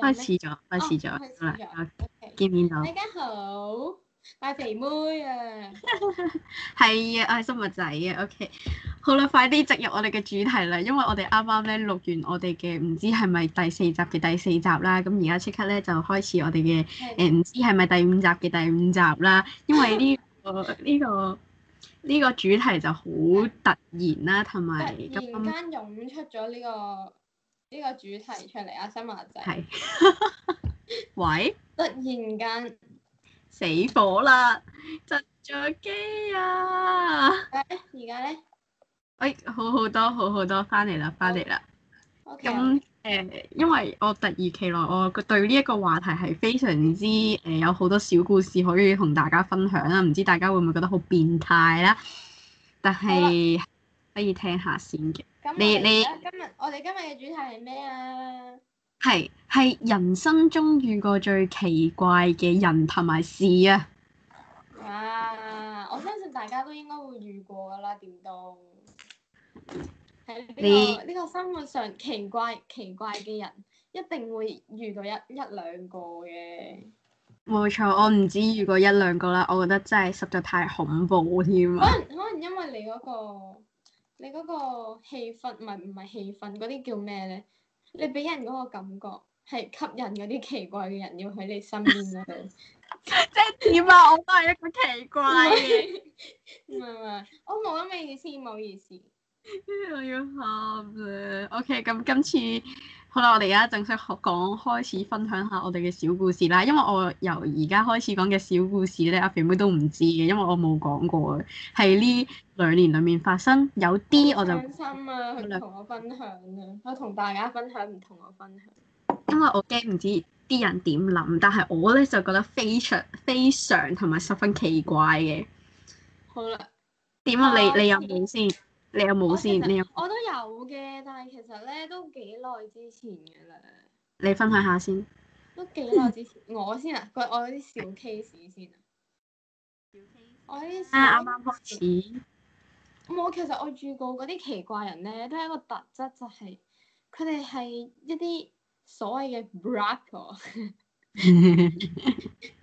開始咗，開始咗，oh, 好啦了，okay. 見面到大家好，大肥妹啊，係啊， 我係生物仔啊，OK，好啦，快啲直入我哋嘅主題啦，因為我哋啱啱咧錄完我哋嘅唔知係咪第四集嘅第四集啦，咁而家即刻咧就開始我哋嘅誒唔知係咪第五集嘅第五集啦，因為呢、這個呢、 這個呢、這個主題就好突然啦，同埋突然間湧出咗呢、這個。呢個主題出嚟啊，新馬仔， 喂，突然間死火啦，窒咗機啊！而家咧？喂、哎，好好多，好好多，翻嚟啦，翻嚟啦。咁誒、okay, 呃，因為我突如其來，我個對呢一個話題係非常之誒、呃，有好多小故事可以同大家分享啦。唔知大家會唔會覺得好變態啦？但係了可以聽下先嘅。你你今日我哋今日嘅主題係咩啊？係係人生中遇過最奇怪嘅人同埋事啊！哇！我相信大家都應該會遇過噶啦，點都呢，呢個生活上奇怪奇怪嘅人，一定會遇到一一兩個嘅。冇錯，我唔止遇過一兩個啦，我覺得真係實在太恐怖添。可能可能因為你嗰個。你嗰個氣氛唔係唔係氣氛，嗰啲叫咩咧？你俾人嗰個感覺係吸引嗰啲奇怪嘅人要喺你身邊度。 即係點啊？我都係一個奇怪嘅，唔係唔係，我冇咁嘅意思，唔好意思。我要喊。OK，咁今次。好啦，我哋而家正式講，開始分享下我哋嘅小故事啦。因為我由而家開始講嘅小故事咧，阿肥妹都唔知嘅，因為我冇講過嘅。喺呢兩年裡面發生有啲，我就擔心啊，佢同我分享啊，我同大家分享唔同我分享。因為我驚唔知啲人點諗，但係我咧就覺得非常非常同埋十分奇怪嘅。好啦了，點啊？你你有冇先？ 你有冇先？你有我，我都有嘅，但係其實咧都幾耐之前嘅啦。你分享下先。都幾耐之前， 我先啊！我有啲小 case 先啊。小 case，啊。我啲，啊。啱啱開始。我其實我住過嗰啲奇怪人咧，都係一個特質，就係佢哋係一啲所謂嘅 brother，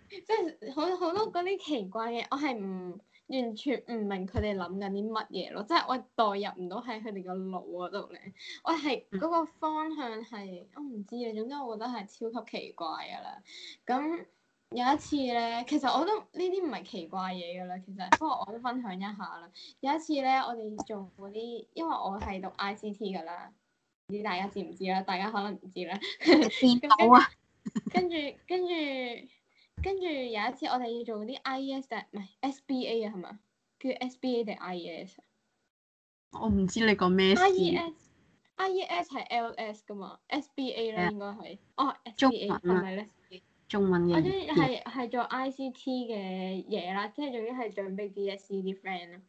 即係好好多嗰啲奇怪嘅，我係唔。完全唔明佢哋諗緊啲乜嘢咯，即係我代入唔到喺佢哋個腦嗰度咧。我係嗰個方向係，我唔知啊。總之我覺得係超級奇怪噶啦。咁有一次咧，其實我都呢啲唔係奇怪嘢噶啦，其實不過我都分享一下啦。有一次咧，我哋做嗰啲，因為我係讀 ICT 噶啦，唔知大家知唔知啦？大家可能唔知啦。電腦啊。跟住，跟住。跟跟住有一次，我哋要做嗰啲 I E S 唔係 S B A 啊？係咪叫 S B A 定 I E S 我唔知你講咩事。I E S I E S 係 L S 噶嘛？S B A 咧應該係哦，S B A 唔係中文嘅，係係做 I C T 嘅嘢啦，即係仲要係準備啲一啲 friend 啦。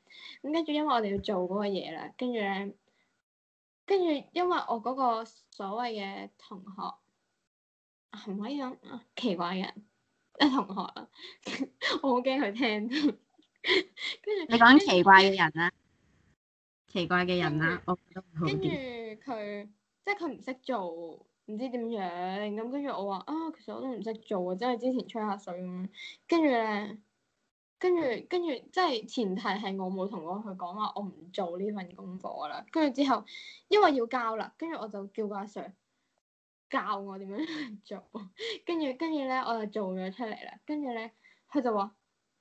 咁跟住，因為我哋要做嗰個嘢啦，跟住咧，跟住因為我嗰個所謂嘅同學係咪樣啊？奇怪嘅。啲同學 著啊，我好驚佢聽。跟住你講奇怪嘅人啦，奇怪嘅人啦，我覺得。跟住佢，即係佢唔識做，唔知點樣。咁跟住我話啊，其實我都唔識做啊，即係之前吹下水咁跟住咧，跟住跟住的，即係前提係我冇同過佢講話，我唔做呢份功課啦。跟住之後，因為要交啦，跟住我就叫個阿 Sir，教我點樣做，跟住跟住咧，我就做咗出嚟啦。跟住咧，佢就話：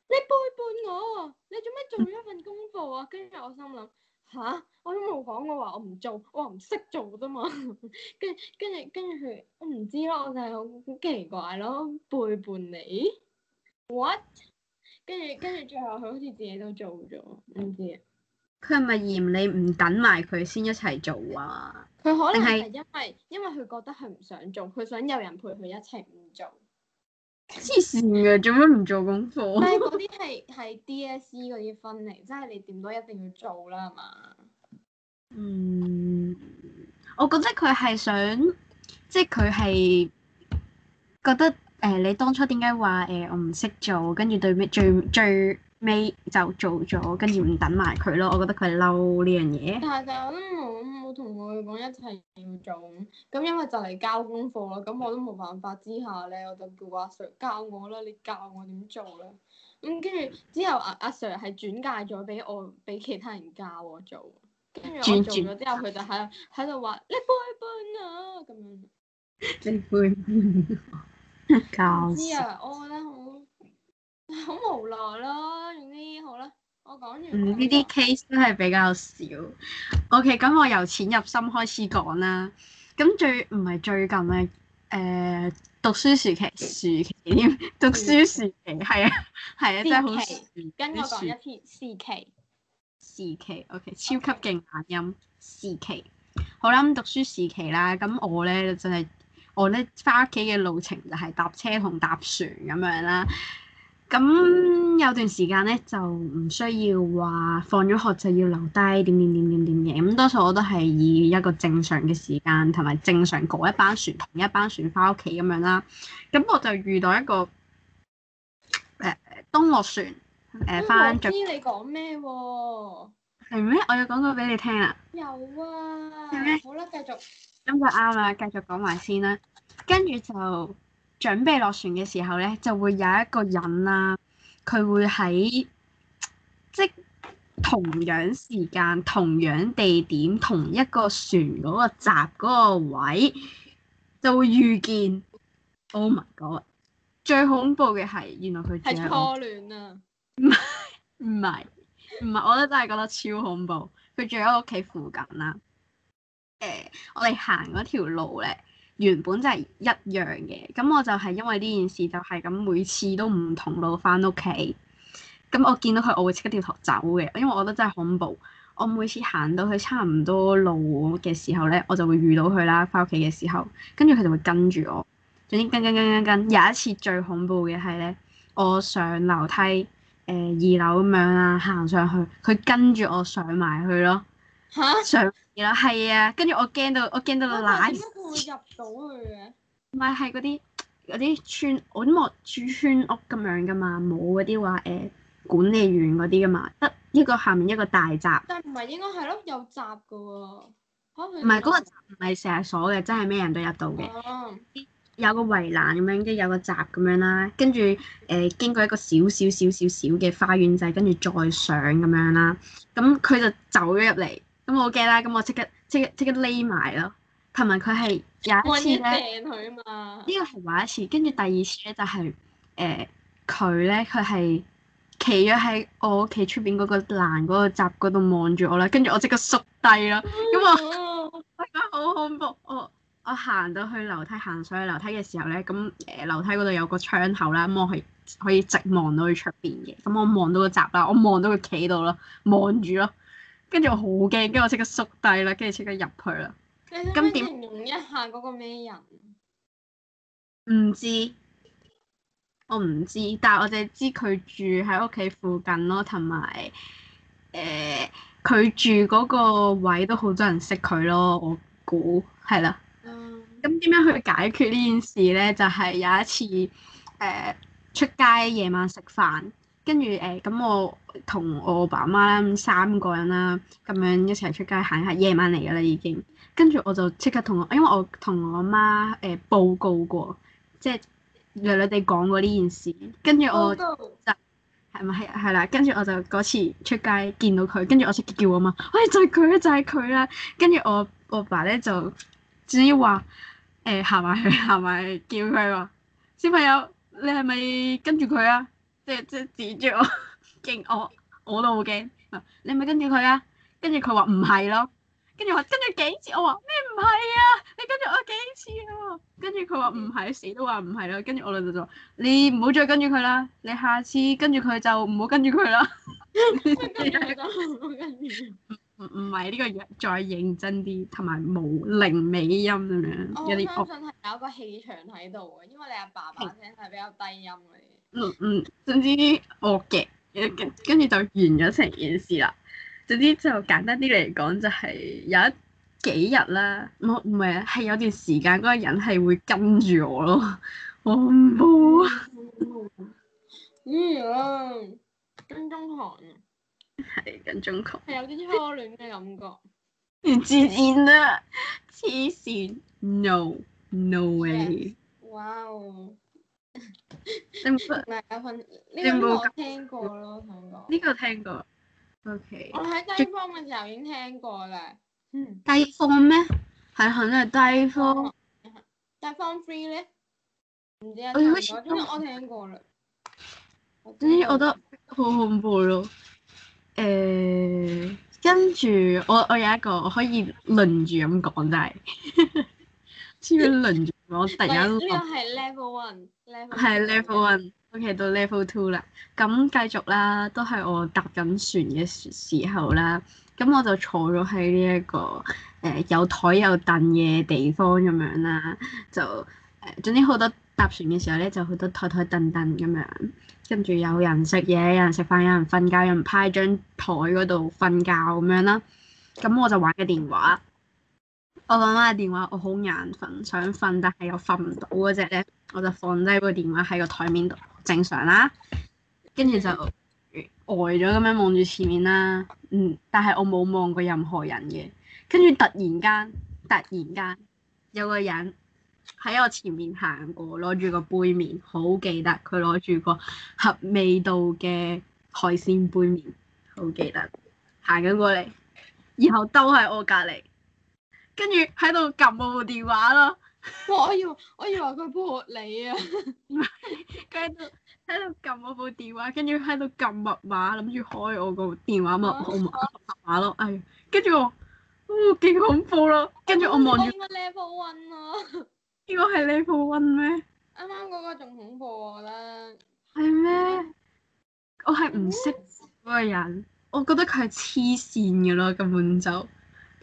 你背叛我，你做咩做咗份功課啊？跟住我心諗吓？我都冇講過話我唔做，我唔識做啫嘛。跟住跟住跟住，佢我唔知咯，我就係好奇怪咯，背叛你？What？跟住跟住，最後佢好似自己都做咗，唔知。佢係咪嫌你唔跟埋佢先一齊做啊？佢可能係因為是因為佢覺得係唔想做，佢想有人陪佢一齊唔做。黐線嘅，做乜唔做功課？但係嗰啲係係 D s e 嗰啲分嚟，即、就、係、是、你點都一定要做啦，係嘛？嗯，我覺得佢係想，即係佢係覺得誒、呃，你當初點解話誒我唔識做，跟住對面最最。最尾就做咗，跟住唔等埋佢咯，我覺得佢係嬲呢樣嘢。但係就我都冇冇同佢講一齊要做，咁因為就嚟交功課咯，咁我都冇辦法之下咧，我就叫阿 sir 教我啦，你教我點做啦。咁跟住之後阿阿 sir 係轉介咗俾我俾其他人教我做，跟住我做咗轉之後，佢就喺喺度話你背唔背啊咁樣。你背？教。知啊，我覺得好。好無奈咯，總之好啦，我講完。呢啲 case 真係比較少。OK，咁我由淺入深開始講啦。咁最唔係最近咧，誒、呃，讀書時期，時期，讀書時期，係啊，係啊，真係好。跟我講一次時期。時期，時期，OK，Okay. 超級勁難音。Okay. 時期，好啦，咁讀書時期啦，咁我咧就係、是、我咧翻屋企嘅路程就係搭車同搭船咁樣啦。咁有段時間咧，就唔需要話放咗學就要留低點點點點點嘅。咁多數我都係以一個正常嘅時間同埋正常嗰一班船同一班船翻屋企咁樣啦。咁我就遇到一個誒東落船誒、呃、翻咗。嗯、知你講咩喎？係咩？我要講過俾你聽啊？有啊。係咩嗎？好啦，繼續。咁就啱啦，繼續講埋先啦。跟住就。準備落船嘅時候咧，就會有一個人啦、啊，佢會喺即係同樣時間、同樣地點、同一個船嗰個閘嗰個位，就會遇見。Oh my god！最恐怖嘅係，原來佢係初戀啊！唔係唔係唔係，我咧真係覺得超恐怖。佢住喺我屋企附近啦、啊。誒、欸，我哋行嗰條路咧。原本就係一樣嘅，咁我就係因為呢件事就係咁，每次都唔同路翻屋企，咁我見到佢，我會即刻掉頭走嘅，因為我覺得真係恐怖。我每次行到去差唔多路嘅時候咧，我就會遇到佢啦，翻屋企嘅時候，跟住佢就會跟住我，總之跟跟跟跟跟。有一次最恐怖嘅係咧，我上樓梯，誒、呃、二樓咁樣啊，行上去，佢跟住我上埋去咯。吓？蛤上而家係啊，跟住我驚到我驚到個奶。點解佢會入到去嘅？唔係係嗰啲嗰啲村，我都冇住村屋咁樣噶嘛，冇嗰啲話誒管理員嗰啲噶嘛，得一個下面一個大閘。但唔係應該係咯，有閘噶喎。唔係嗰個閘唔係成日鎖嘅，真係咩人都入到嘅。啊、有個圍欄咁樣，跟住有個閘咁樣啦，跟住誒經過一個少少少少少嘅花園仔，跟住再上咁樣啦。咁佢就走咗入嚟。咁我好驚啦！咁我即刻即刻即刻匿埋咯，同埋佢係有一次掟佢嘛，呢個係玩一次，跟住第二次咧就係誒佢咧佢係企咗喺我屋企出邊嗰個欄嗰個閘嗰度望住我啦，跟住我即刻縮低咯，因為我我覺得好恐怖。我我行到去樓梯行上去樓梯嘅時候咧，咁、嗯、誒、呃、樓梯嗰度有個窗口啦，望、嗯、係可以直望到去出邊嘅。咁我望到個閘啦，我望到佢企到咯，望住咯。跟住我好驚，跟住我即刻縮低啦，跟住即刻入去啦。咁點形容一下嗰個咩人？唔知，我唔知，但係我淨係知佢住喺屋企附近咯，同埋誒佢住嗰個位都好多人識佢咯，我估係啦。嗯。咁點樣去解決呢件事咧？就係、是、有一次誒、呃、出街夜晚食飯。跟住誒，咁、欸、我同我爸媽啦，三個人啦，咁樣一齊出街行下，夜晚嚟噶啦已經。跟住我就即刻同，我，因為我同我媽誒、欸、報告過，即係略略地講過呢件事。跟住我，道我就係咪係係啦？跟住我就嗰次出街見到佢，跟住我即刻叫我媽，喂，就係佢啦，就係佢啦。跟住我我爸咧就至於話誒行埋去，行埋去，叫佢話，小朋友，你係咪跟住佢啊？即係即係指住我，勁我我都好驚。你咪跟住佢啊！跟住佢話唔係咯，跟住話跟住幾次，我話咩唔係啊？你跟住我幾次啊？跟住佢話唔係，死都話唔係咯。跟住我咧就話你唔好再跟住佢啦。你下次跟住佢就唔好跟住佢啦。你係講唔好跟住。唔唔係呢個要再認真啲，同埋冇零美音咁樣。我相信係有一個氣場喺度啊，因為你阿爸把聲係比較低音。嗯嗯，總之我夾，跟跟住就完咗成件事啦。總之就簡單啲嚟講，就係有一幾日啦，冇唔係啊，係有段時間嗰個人係會跟住我咯，好恐怖啊！跟中學啊，係跟中學，係有啲初戀嘅感覺。唔自然啦，黐線，no no way，yeah，哇、哦你有冇呢個聽過咯，呢個聽過。O、okay、K。我喺低方嘅時候已經聽過啦。嗯。低方咩？係肯定低方。低方 free 咧？唔知 我好聽過啦。總之，我,我覺得好恐怖咯。誒、欸，跟住我，我有一個可以輪住咁講，就係。居輪住我突然間。呢個係 level one。係 level, 對 level one，okay 到 level two 啦。咁繼續啦，都係我搭緊船嘅時候啦。咁我就坐咗喺呢一個誒、呃、有台有凳嘅地方咁樣啦。就誒、呃，總之好多搭船嘅時候咧，就好多台台凳凳咁樣。跟住有人食嘢，有人食飯，有人瞓覺，有人趴喺張台嗰度瞓覺咁樣啦。咁我就玩個電話。我媽媽嘅電話，我好眼瞓，想瞓，但係又瞓唔到嗰隻咧。我就放低個電話喺個台面度，正常啦。跟住就呆咗咁樣望住前面啦。嗯，但係我冇望過任何人嘅。跟住突然間，突然間有個人喺我前面行過，攞住個杯麪，好記得佢攞住個合味道嘅海鮮杯麪，好記得行緊過嚟，然後都喺我隔籬，跟住喺度撳我部電話咯。我我要，我以為佢幫我你啊！唔 係， 喺度喺度撳我部電話，跟住喺度撳密碼，諗住開我個電話密碼密碼咯。哎，跟住我，嗚，勁恐怖咯，啊！跟住我望住，呢個 level one 啊？呢 個係 level one 咩？啱啱嗰個仲恐怖我喇。係咩？我係唔識嗰個人，我覺得佢係黐線噶咯，根本就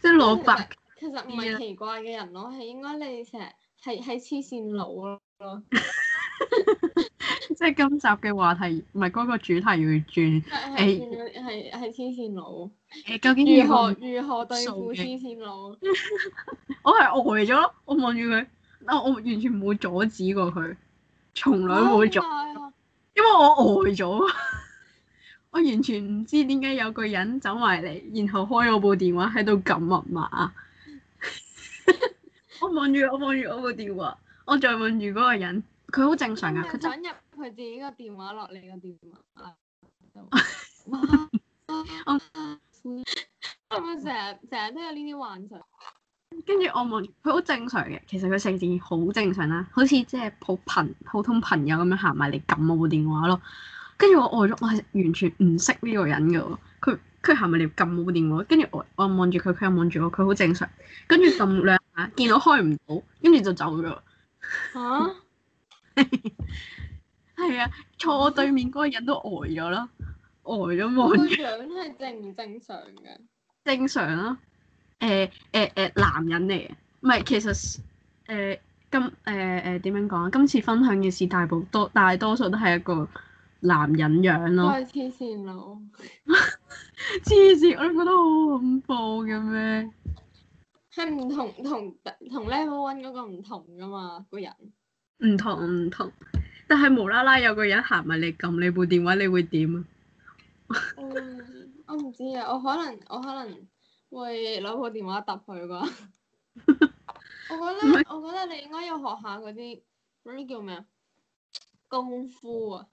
即係攞白。其實唔係奇怪嘅人咯，係 Yeah. 應該你成日係黐線佬咯。 即係今集嘅話題唔係嗰個主題要轉，要轉是。係係係黐線佬。欸，究竟如何如何對付黐線佬？我係呆咗，我望住佢，嗱，我完全冇阻止過佢，從來冇阻，oh、my. 因為我呆咗。 我完全唔知點解有個人走埋嚟，然後開我部電話喺度撳密碼。 我望住我望住我個電話，我再望住嗰個人，佢好正常噶。佢想入佢自己個電話落嚟個電話。 我成日成日都有呢啲幻想。 跟住我望，佢好正常嘅，其實佢成件事好正常啦，好似即係普朋普通朋友咁樣行埋嚟撳我個電話咯。跟住我呆咗，我係完全唔識呢個人噶。佢。佢係咪嚟撳我部電話？跟住我我望住佢，佢又望住我，佢好正常。跟住撳兩下， 見到開唔到，跟住就走咗。吓？係啊， 坐我對面嗰個人都呆咗啦，呆咗望。個樣係正唔正常嘅？正常啦、啊。誒誒誒，男人嚟嘅，唔係其實誒、欸、今誒誒點樣講、啊？今次分享嘅事大部多，大多數都係一個男人樣咯、啊。都係黐線黐線，我都覺得好恐怖嘅咩？係唔同同同 level one 嗰個唔同噶嘛，個人唔同唔同，但係無啦啦有個人行埋嚟撳你部電話，你會點啊？ 嗯、我唔知啊，我可能我可能會攞部電話揼佢啩？ 我覺得是我覺得你應該要學下嗰啲嗰啲叫咩？功夫啊！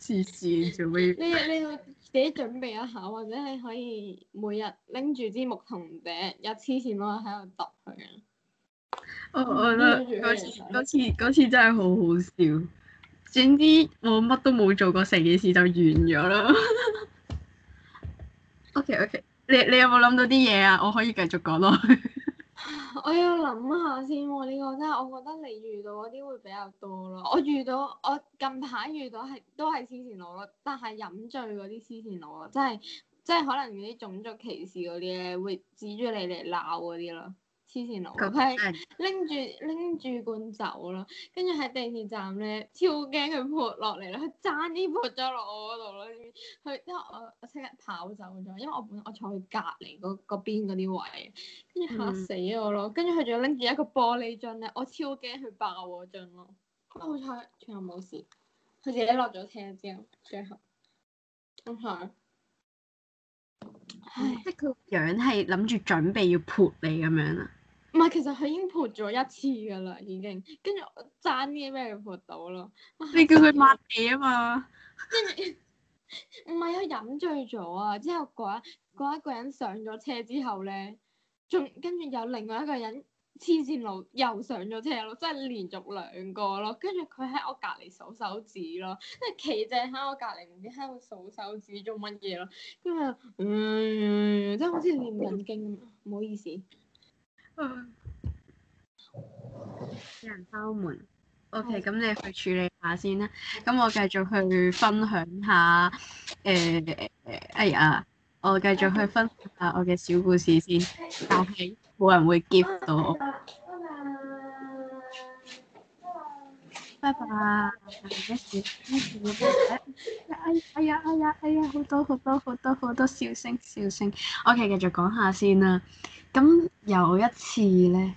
黐線，做咩你你。你你自己準備一下，或者係可以每日拎住支木頭柄入黐線攞嚟喺度揼佢啊！我我覺得嗰次、嗯、次次真係好好笑。總之 我乜都冇做過，成件事就完咗啦。 OK OK，你你有冇諗到啲嘢啊？我可以繼續講落去。 我要諗下先哦，呢個真係，我覺得你遇到嗰啲會比較多咯。我遇到，我近排遇到係都係黐線佬咯，但係飲醉嗰啲黐線佬咯，即係即係可能嗰啲種族歧視嗰啲咧，會指住你嚟鬧嗰啲咯。黐線咯，佢係拎住拎住罐酒咯，跟住喺地鐵站咧，超驚佢潑落嚟咯，佢爭啲潑咗落我嗰度咯，佢因為我我即刻跑走咗，因為我本我坐佢隔離嗰邊嗰啲位，跟住嚇死我咯，跟住佢仲要拎住一個玻璃樽咧，我超驚佢爆我樽咯，不過好彩最後冇事，佢自己落咗車之後，最後咁係，唉，即係佢樣係諗住準備要潑你咁樣啦。唔係，其實佢已經潑咗一次噶啦，已經，跟住我爭啲咩潑到咯。啊、你叫佢抹地啊嘛。跟住， 唔係佢飲醉咗啊！之後嗰一嗰一個人上咗車之後咧，仲跟住有另外一個人黐線佬又上咗車咯，即係連續兩個咯。跟住佢喺我隔籬數手指咯，即係企正喺我隔籬，唔知喺度數手指做乜嘢咯。跟住、嗯嗯，嗯，即係好似念緊經咁唔 好意思。有人敲門。OK，咁你去處理下先啦。咁我繼續去分享下。誒、欸，哎呀，我繼續去分享下我嘅小故事先。但係冇人會 give 到。拜拜拜拜，拜拜。哎呀哎呀哎呀，哎呀，好多好多好多好多笑聲笑聲。OK，繼續講下先啦。咁有一次咧，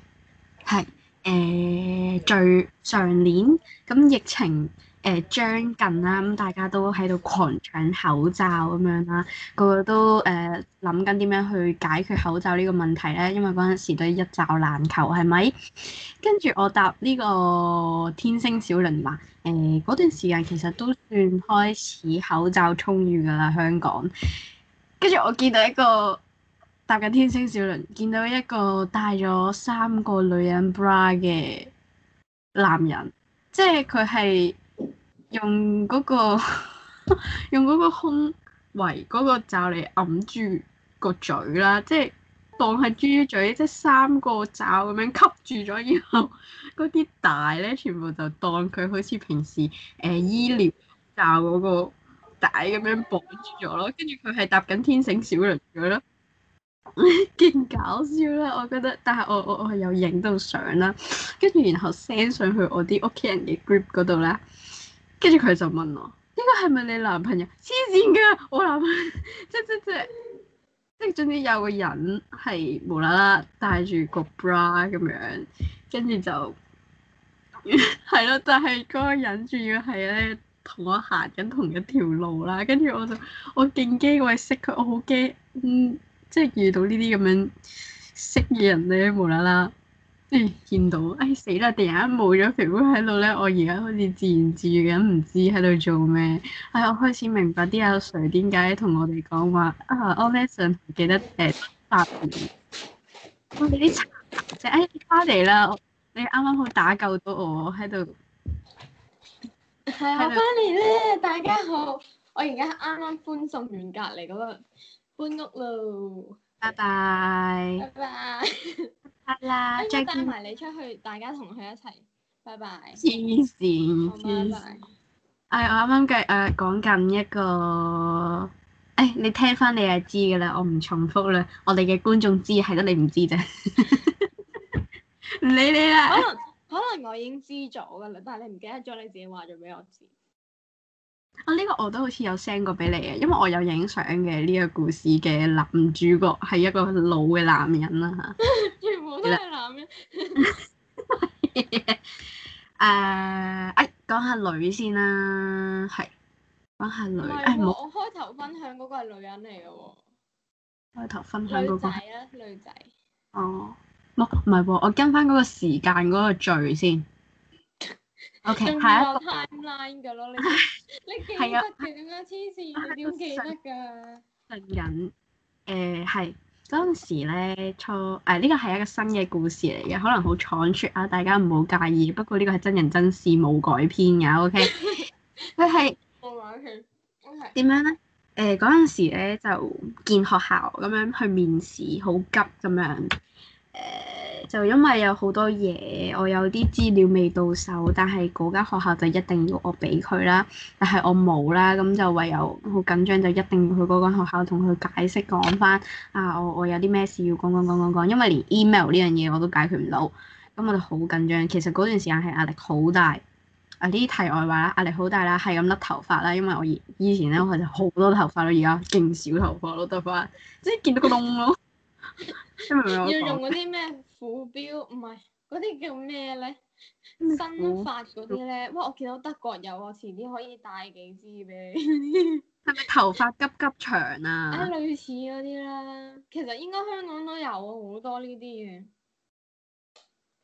係誒、呃、最上年咁、呃、疫情誒、呃、將近啦，咁大家都喺度狂搶口罩咁樣啦，個個都誒諗緊點樣去解決口罩呢個問題咧，因為嗰陣時都一罩難求係咪？跟住我搭呢個天星小輪話誒，嗰、呃、段時間其實都算開始口罩充裕㗎喇香港，跟住我見到一個。搭緊天星小輪，見到一個戴咗三個女人 bra 嘅男人，即係佢係用嗰個 用嗰個胸圍嗰個罩嚟揞住個嘴啦，即係當係豬嘴，即係三個罩咁樣吸住咗， 以後嗰啲帶咧全部就當佢好似平時誒、呃、醫療罩嗰個帶咁樣綁住咗咯，跟住佢係搭緊天星小輪嘴咯。勁搞笑啦、啊，我覺得，但係我我我係有影到相啦，跟住然後 send 上去我啲屋企人嘅 group 嗰度咧，跟住佢就問我：呢、這個係咪你男朋友？黐線噶，我男朋友，即即即即總之有個人係無啦啦戴住個 bra 咁樣，跟住就係咯， 但係嗰個人仲要係咧同我行緊同一條路啦，跟住我就我勁驚我係識佢，我好驚嗯。即係遇到呢啲咁樣識嘅人咧，無啦啦，即係見到，哎死啦！突然間冇咗肥妹喺度咧，我而家好似自言自語咁，唔知喺度做咩。哎，我開始明白啲阿 Sir 點解同我哋講話啊 o n l i 記得誒發我哋啲茶，就哎 p a 啦！你啱啱、哎、好打救到我喺度。係啊，返嚟咧，大家好！我而家啱啱搬送完隔離嗰個。搬屋咯，拜拜，拜拜，拜拜，再見。可以帶埋你出去，大家同佢一齊，拜拜。黐線黐線。哎，我啱啱嘅誒講緊一個，哎，你聽翻你係知㗎啦，我唔重複啦，我哋嘅觀眾知，係得你唔知啫。唔理你啦。可能可能我已經知咗㗎啦，但係你唔記得咗你自己話咗俾我知。啊！呢、哦，這個我都好似有 send 過俾你嘅，因為我有影相嘅。呢個故事嘅男主角係一個老嘅男人啦吓，全部都係男人。誒， 誒、 uh, 哎，講下女先啦，係講下女。我、啊哎、我開頭分享嗰個係女人嚟嘅喎，開頭分享嗰個。女仔啊，女仔。哦，冇，唔係喎，我跟翻嗰個時間嗰個序先。仲 Okay, 有 timeline 噶咯， 你你記得佢點樣黐線？點記得㗎？信任誒係嗰陣時咧，初誒呢個係一個新嘅故事嚟嘅，可能好倉促啊，大家唔好介意。不過呢個係真人真事，冇改編嘅，OK 是。佢係我玩佢，我點樣咧？誒嗰陣時咧就見學校咁樣去面試，好急咁樣誒。呃就因為有好多嘢，我有啲資料未到手，但係嗰間學校就一定要我俾佢啦。但係我冇啦，咁就唯有好緊張，就一定要去嗰間學校同佢解釋講翻啊！我我有啲咩事要講講講講講，因為連 email 呢樣嘢我都解決唔到，咁我就好緊張。其實嗰段時間係壓力好大啊！呢啲題外話啦，壓力好大啦，係咁甩頭髮啦，因為我以前咧我就好多頭髮咯，而家勁少頭髮咯，得翻即係見到個窿咯。要用嗰啲咩？鼠標唔係，嗰啲叫咩咧？生髮嗰啲咧，哇！我見到德國有啊，遲啲可以帶幾支俾你。係 咪 頭髮急急長啊？啊、哎，類似嗰啲啦，其實應該香港都有好多呢啲嘅。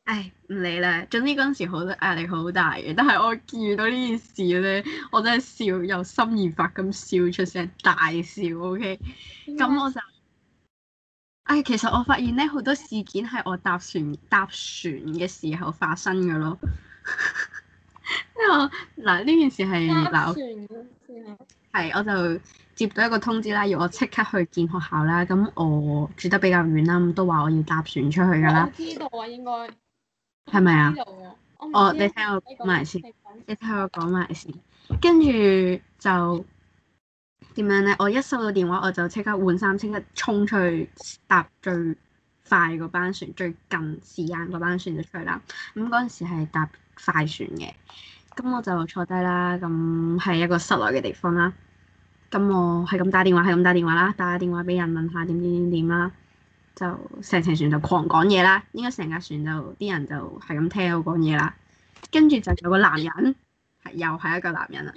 唉，唔理啦。總之嗰陣時好壓力好大嘅，但係我見到呢件事咧，我真係笑由心而發咁笑出聲，大笑。O K，咁我就。唉、哎，其實我發現咧，好多事件係我搭船搭船嘅時候發生嘅咯。 因為嗱呢件事係搭船 我就接到一個通知啦，要我即刻去見學校啦。咁我住得比較遠啦，咁都話我要搭船出去㗎啦。我知道啊，應該係咪啊？我知道我、啊，我、哦、你聽我講埋先，你聽我講埋先，跟住就。點樣咧？我一收到電話，我就即刻換衫，即刻衝出去搭最快嗰班船，最近時間嗰班船就出去啦。咁嗰陣時係搭快船嘅，咁、嗯、我就坐低啦。咁、嗯、係一個室內嘅地方啦。咁、嗯、我係咁打電話，係咁打電話啦，打下電話俾人問下點點點點啦，就成程船就狂講嘢啦。應該成架船就啲人就係咁聽我講嘢啦。跟住就有個男人，係又係一個男人啦。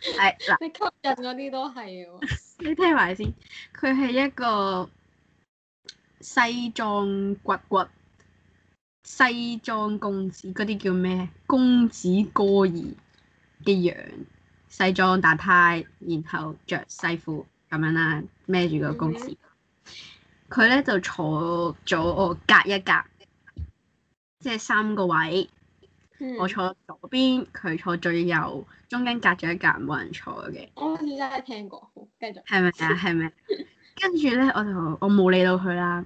係嗱，哎、你吸引嗰啲都係喎、哦。 你聽埋先，佢係一個西裝骨骨、西裝公子嗰啲叫咩？公子哥兒嘅樣，西裝打呔，然後着西褲咁樣啦、啊，孭住個公子。佢咧、mm hmm. 就坐咗我隔一隔，即、就、係、是、三個位。我坐咗邊，佢坐最右，中間隔咗一格冇人坐嘅。我好似真係聽過，繼續。係咪啊？係咪？跟住咧，我就我冇理到佢啦。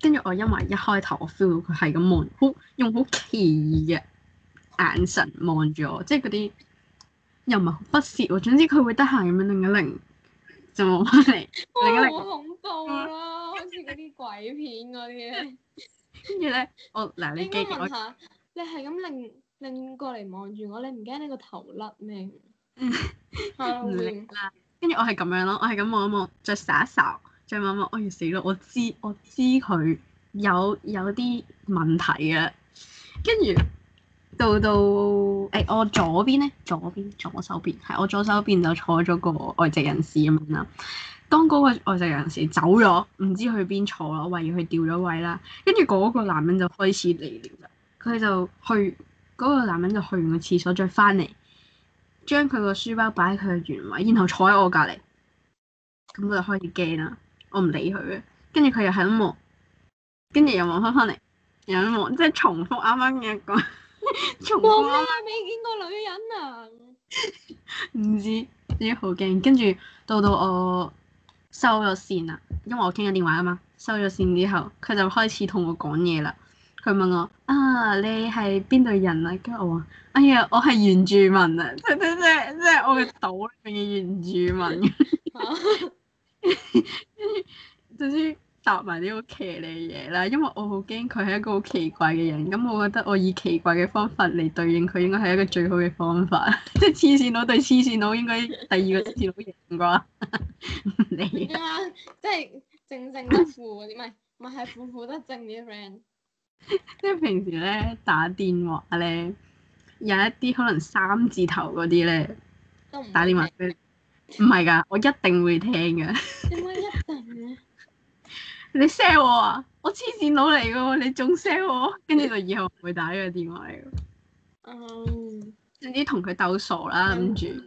跟住我因為一開頭我 feel 到佢係咁望，好用好奇異嘅眼神望住我，即係嗰啲又唔係好不屑喎。總之佢會得閒咁樣擰一擰就冇翻嚟，擰一擰。好恐怖啊！ 好似嗰啲鬼片嗰啲 跟住咧，我嗱你記住你係咁擰擰過嚟望住我，你唔驚你個頭甩咩？唔擰啦。跟住我係咁樣咯，我係咁望一望，再睄一睄，再望望。哎呀死咯！我知我知佢有有啲問題嘅。跟住到到誒、哎、我左邊咧，左邊左手邊係我左手邊就坐咗個外籍人士咁樣啦。當、那、嗰個外籍人士走咗，唔知去邊坐咯，話要去調咗位啦。跟住嗰個男人就開始嚟了。佢就去嗰、嗰個男人就去完個廁所再翻嚟，將佢個書包擺喺佢嘅原位，然後坐喺我隔離，咁佢就開始驚啦。我唔理佢，跟住佢又係咁望，跟住又望翻翻嚟，又咁望，即係重複啱啱嘅一個。我咩未見過女人啊？唔 知，真係好驚。跟住到到我收咗線啦，因為我傾緊電話啊嘛。收咗線之後，佢就開始同我講嘢啦。佢問我啊，你係邊度人啊？跟住我話：哎呀，我係原住民啊！即即即即係我嘅島裏邊嘅原住民。跟住總之答埋啲好騎呢嘢啦，因為我好驚佢係一個好奇怪嘅人。咁、嗯、我覺得我以奇怪嘅方法嚟對應佢，應該係一個最好嘅方法。即黐線佬對黐線佬，應該第二個黐線佬贏啩？你 了啊！即正正 得負正正得負啲，唔係唔係係負負得正啲 friend。即係平時咧，打電話咧，有一啲可能三字頭嗰啲咧，打電話畀你，唔係噶，我一定會聽噶。點解一定咧？你 sell 我啊？我黐線佬嚟噶，你仲 sell 我？跟住就以後唔會打呢個電話噶。哦， 總之同佢鬥傻啦，諗住，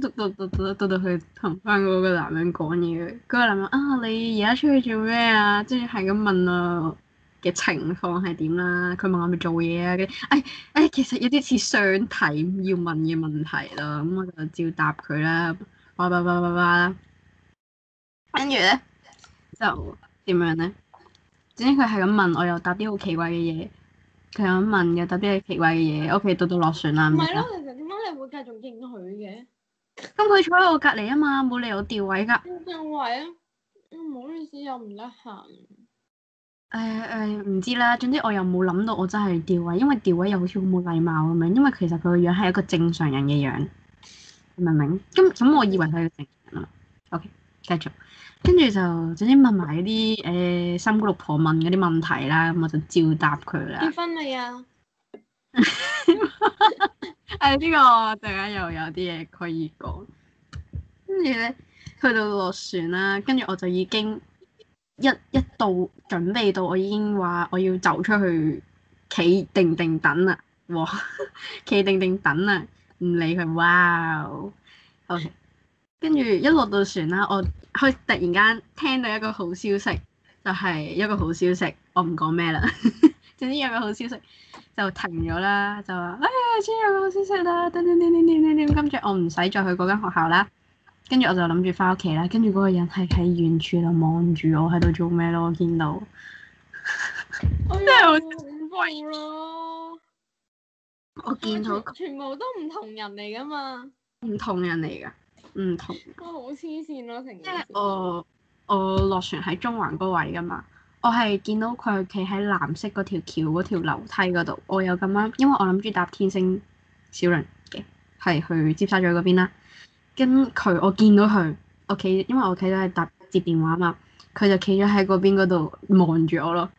讀讀跟住嘟嘟嘟嘟嘟，到佢同翻嗰個男人講嘢，嗰、嗰個男人啊，你而家出去做咩啊？即係咁問啊。嘅情況係點啦？佢問我咪做嘢啊！誒誒、哎哎，其實有啲似上題要問嘅問題啦，咁、嗯、我就照答佢啦，哇哇哇哇哇啦！跟住咧就點樣咧？點知佢係咁問，我又答啲好奇怪嘅嘢。佢咁問又答啲奇怪嘅嘢，我其、嗯 okay，到到落船啦。唔係咯，其實點解你會繼續應佢嘅？咁佢坐喺我隔籬啊嘛，冇理由調位㗎。調位啊！唔好意思，又唔得閒。誒誒，唔知啦，總之我又冇諗到我真係調位，因為調位又好似好冇禮貌咁樣，因為其實佢個樣係一個正常人嘅樣，明唔明？咁咁，我以為佢係個正常人啊嘛。OK，繼續，跟住就總之問埋啲誒三姑六婆問嗰啲問題啦，咁我就照答佢啦。結婚未啊？誒、 哎、呢、這個突然間又有啲嘢可以講，跟住咧去到落船啦，跟住我就已經。一一到準備到，我已經話我要走出去，企定定等啦，企定定等啊，唔理佢，哇！O K，跟住一落到船啦，我開突然間聽到一個好消息，就係一個好消息，我唔講咩啦， 總之有個好消息就停咗啦，就話哎呀，知有個好消息啦，叮叮叮叮叮叮叮，跟住我唔使再去嗰間學校啦。跟住我就諗住翻屋企啦，跟住嗰個人係喺遠處度望住我喺度做咩咯？我見到咩好恐怖咯！我見到全部，全部都唔同人嚟噶嘛，唔同人嚟噶，唔同。哇！好黐線咯，成日。係我我落船喺中環嗰位噶嘛，我係見到佢企喺藍色嗰條橋嗰條樓梯嗰度。我有咁啱，因為我諗住搭天星小輪嘅，係去尖沙咀嗰邊啦。跟佢，我見到佢，我企，因為我企咗喺搭接電話啊嘛，佢就企咗喺嗰邊嗰度望住我咯。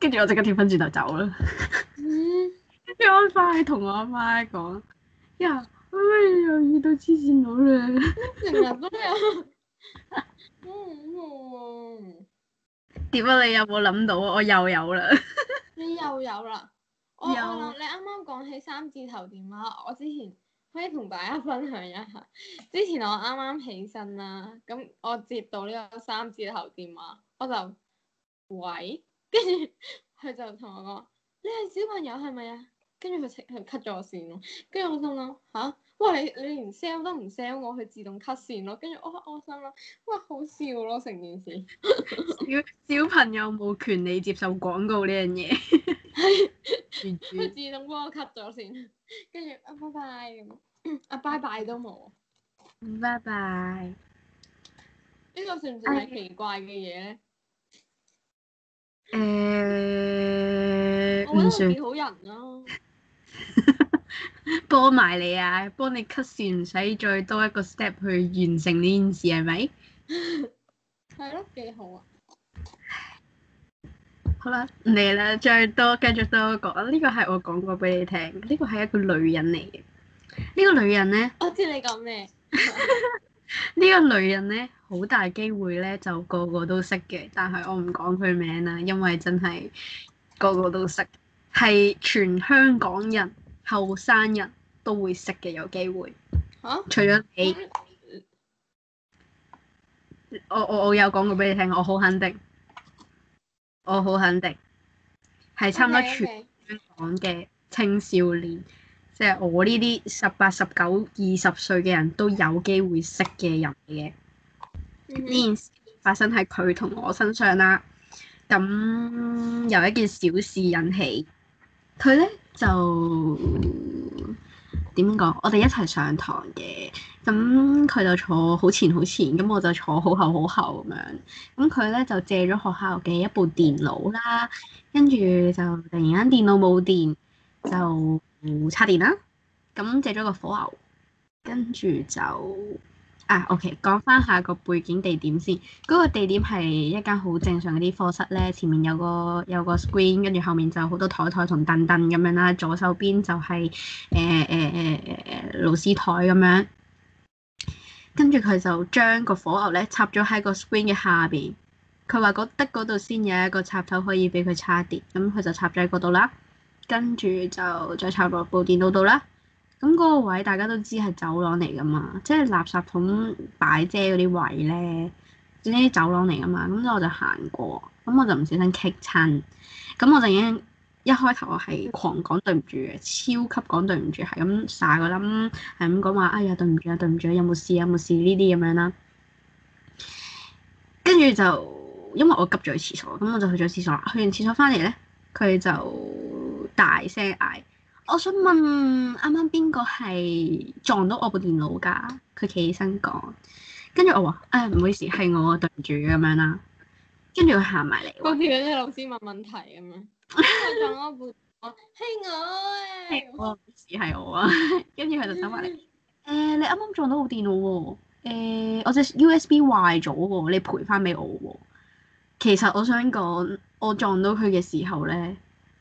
跟住我即刻調翻轉頭走啦。 嗯，跟住我翻去同我阿媽講，呀，哎呀，遇到黐線佬啦，成日都有。嗯，好點啊？你有冇諗到？我又有啦。 你又有啦。有、oh, 又啊。你啱啱講起三字頭電話，我之前，可以同大家分享一下，之前我啱啱起身啦，咁我接到呢個三字頭電話，我就喂，就跟住佢就同我講，你係小朋友係咪啊？跟住佢直佢 cut 咗我線咯，跟住我心諗吓，喂，你，你連 sell 都唔 sell 我去自動 cut 線咯，跟住我、哦、我心諗哇好笑咯，成件事 小，小朋友冇權利接受廣告呢樣嘢，佢 自動幫我 cut 咗線。跟住啊拜拜，啊拜拜都冇，拜拜。呢個算唔算係奇怪嘅嘢咧？誒，uh, 我諗變好人咯，幫埋你啊，幫不算 你 cut 線，唔使再多一個 step 去完成呢件事係咪？係咯，幾 好啊！好啦，你嚟啦，最多繼續多講。呢個係、這個、我講過俾你聽，呢、這個係一個女人嚟嘅。呢、這個女人咧，我知你講咩？呢 個女人咧，好大機會咧，就個個都識嘅。但係我唔講佢名啦，因為真係個個都識，係全香港人後生人都會識嘅，有機會。啊、除咗你， 我我我有講過俾你聽，我好肯定。我好肯定，係差唔多全香港嘅青少年，即係 Okay, okay. 我呢啲十八、十九、二十歲嘅人都有機會識嘅人嘅。呢、mm hmm. 件事發生喺佢同我身上啦，咁由一件小事引起，佢咧就。點講？我哋一齊上堂嘅，咁佢就坐好前好前，咁我就坐好後好後咁樣。咁佢咧就借咗學校嘅一部電腦啦，跟住就突然間電腦冇電，就插電啦。咁借咗個火牛，跟住就。啊，OK，講翻下個背景地點先。嗰、那個地點係一間好正常嗰啲課室咧，前面有個有個 screen，跟住後面就好多台台同凳凳咁樣啦。左手邊就係誒誒誒誒誒老師台咁樣，跟住佢就將個火牛咧插咗喺個 screen 嘅下邊。佢話覺得嗰度先有一個插頭可以俾佢插啲，咁佢就插咗喺嗰度啦。跟住就再插落部電腦度啦。咁嗰個位大家都知係走廊嚟噶嘛。即係垃圾桶擺遮嗰啲位咧，呢啲走廊嚟噶嘛。咁我就行過，咁我就唔小心棘親，咁我就已經一開頭我係狂講對唔住嘅，超級講對唔住，係咁曬個諗，係咁講話，哎呀對唔住啊，對唔住，有冇事啊，有冇事呢啲咁樣啦。跟住就因為我急咗去廁所，咁我就去咗廁所，去完廁所翻嚟咧，佢就大聲嗌。我想問啱啱邊個係撞到我部電腦㗎？佢企起身講，跟住我話：誒、哎、唔好意思，係我對唔住咁樣啦。跟住佢行埋嚟。好似嗰啲老師問問題咁樣。 欸、啱啱撞到我部電腦係、哦欸、我。係我。唔只係我啊。跟住佢就走埋嚟。誒，你啱啱撞到部電腦喎。誒，我隻 USB 壞咗喎，你賠翻俾我喎。其實我想講，我撞到佢嘅時候咧。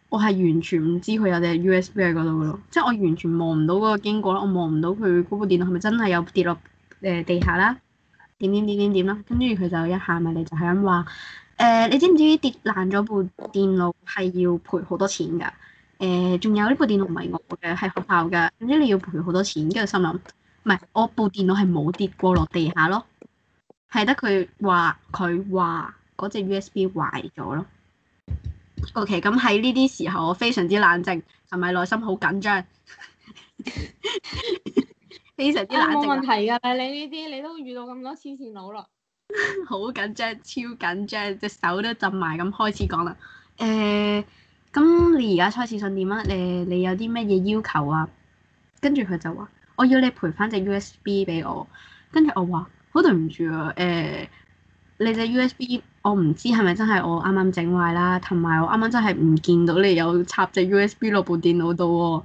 我係完全唔知佢有隻 U S B 喺嗰度嘅咯，即係我完全望唔到嗰個經過啦，我望唔到佢嗰部電腦係咪真係有跌落誒地下啦？點點點點點啦，跟住佢就一下咪你就係咁話誒，你知唔知跌爛咗部電腦係要賠好多錢㗎？誒、呃，仲有呢部電腦唔係我嘅，係學校㗎，總之你要賠好多錢。跟住心諗，唔係我部電腦係冇跌過落地下咯，係得佢話佢話嗰隻 U S B 壞咗咯。O K，咁喺呢啲時候，我非常之冷靜，同埋內心好緊張， 非常之冷靜。冇、哎、問題㗎咩？ 你呢啲你都遇到咁多黐線佬咯，好 緊張，超緊張，隻手都浸埋咁開始講啦。誒、欸，咁你而家開始想點啊？誒，你有啲咩嘢要求啊？跟住佢就話：我要你賠翻隻 U S B 俾我。跟住我話：好對唔住啊，誒、欸，你隻 U S B。我唔知係咪真係我啱啱整壞啦，同埋我啱啱真係唔見到你有插隻 USB 落部電腦度喎。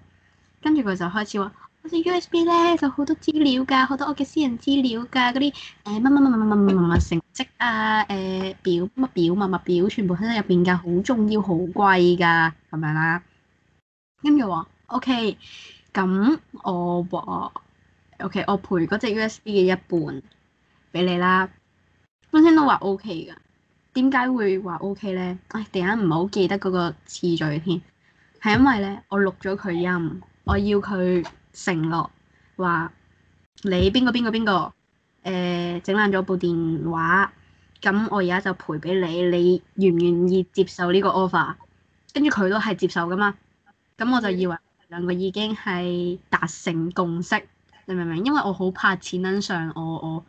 跟住佢就開始話：嗰隻 USB 咧就好多資料㗎，好多我嘅私人資料㗎，嗰啲誒乜乜乜乜乜乜乜乜成績啊，誒、呃、表乜表乜乜表，全部喺入邊㗎，好重要，好貴㗎，咁樣啦。跟住話：O K，咁我話：O K，我賠嗰隻 USB 嘅一半俾你啦。本身都話 O K 㗎。點解會話 OK 咧？哎，突然間唔好記得嗰個詞句添，係因為咧我錄咗佢音，我要佢承諾話你邊個邊個邊個誒整爛咗部電話，咁我而家就賠俾你，你願唔願意接受呢個 offer？跟住佢都係接受噶嘛，咁我就以為兩個已經係達成共識，你明唔明？因為我好怕錢揞上我我。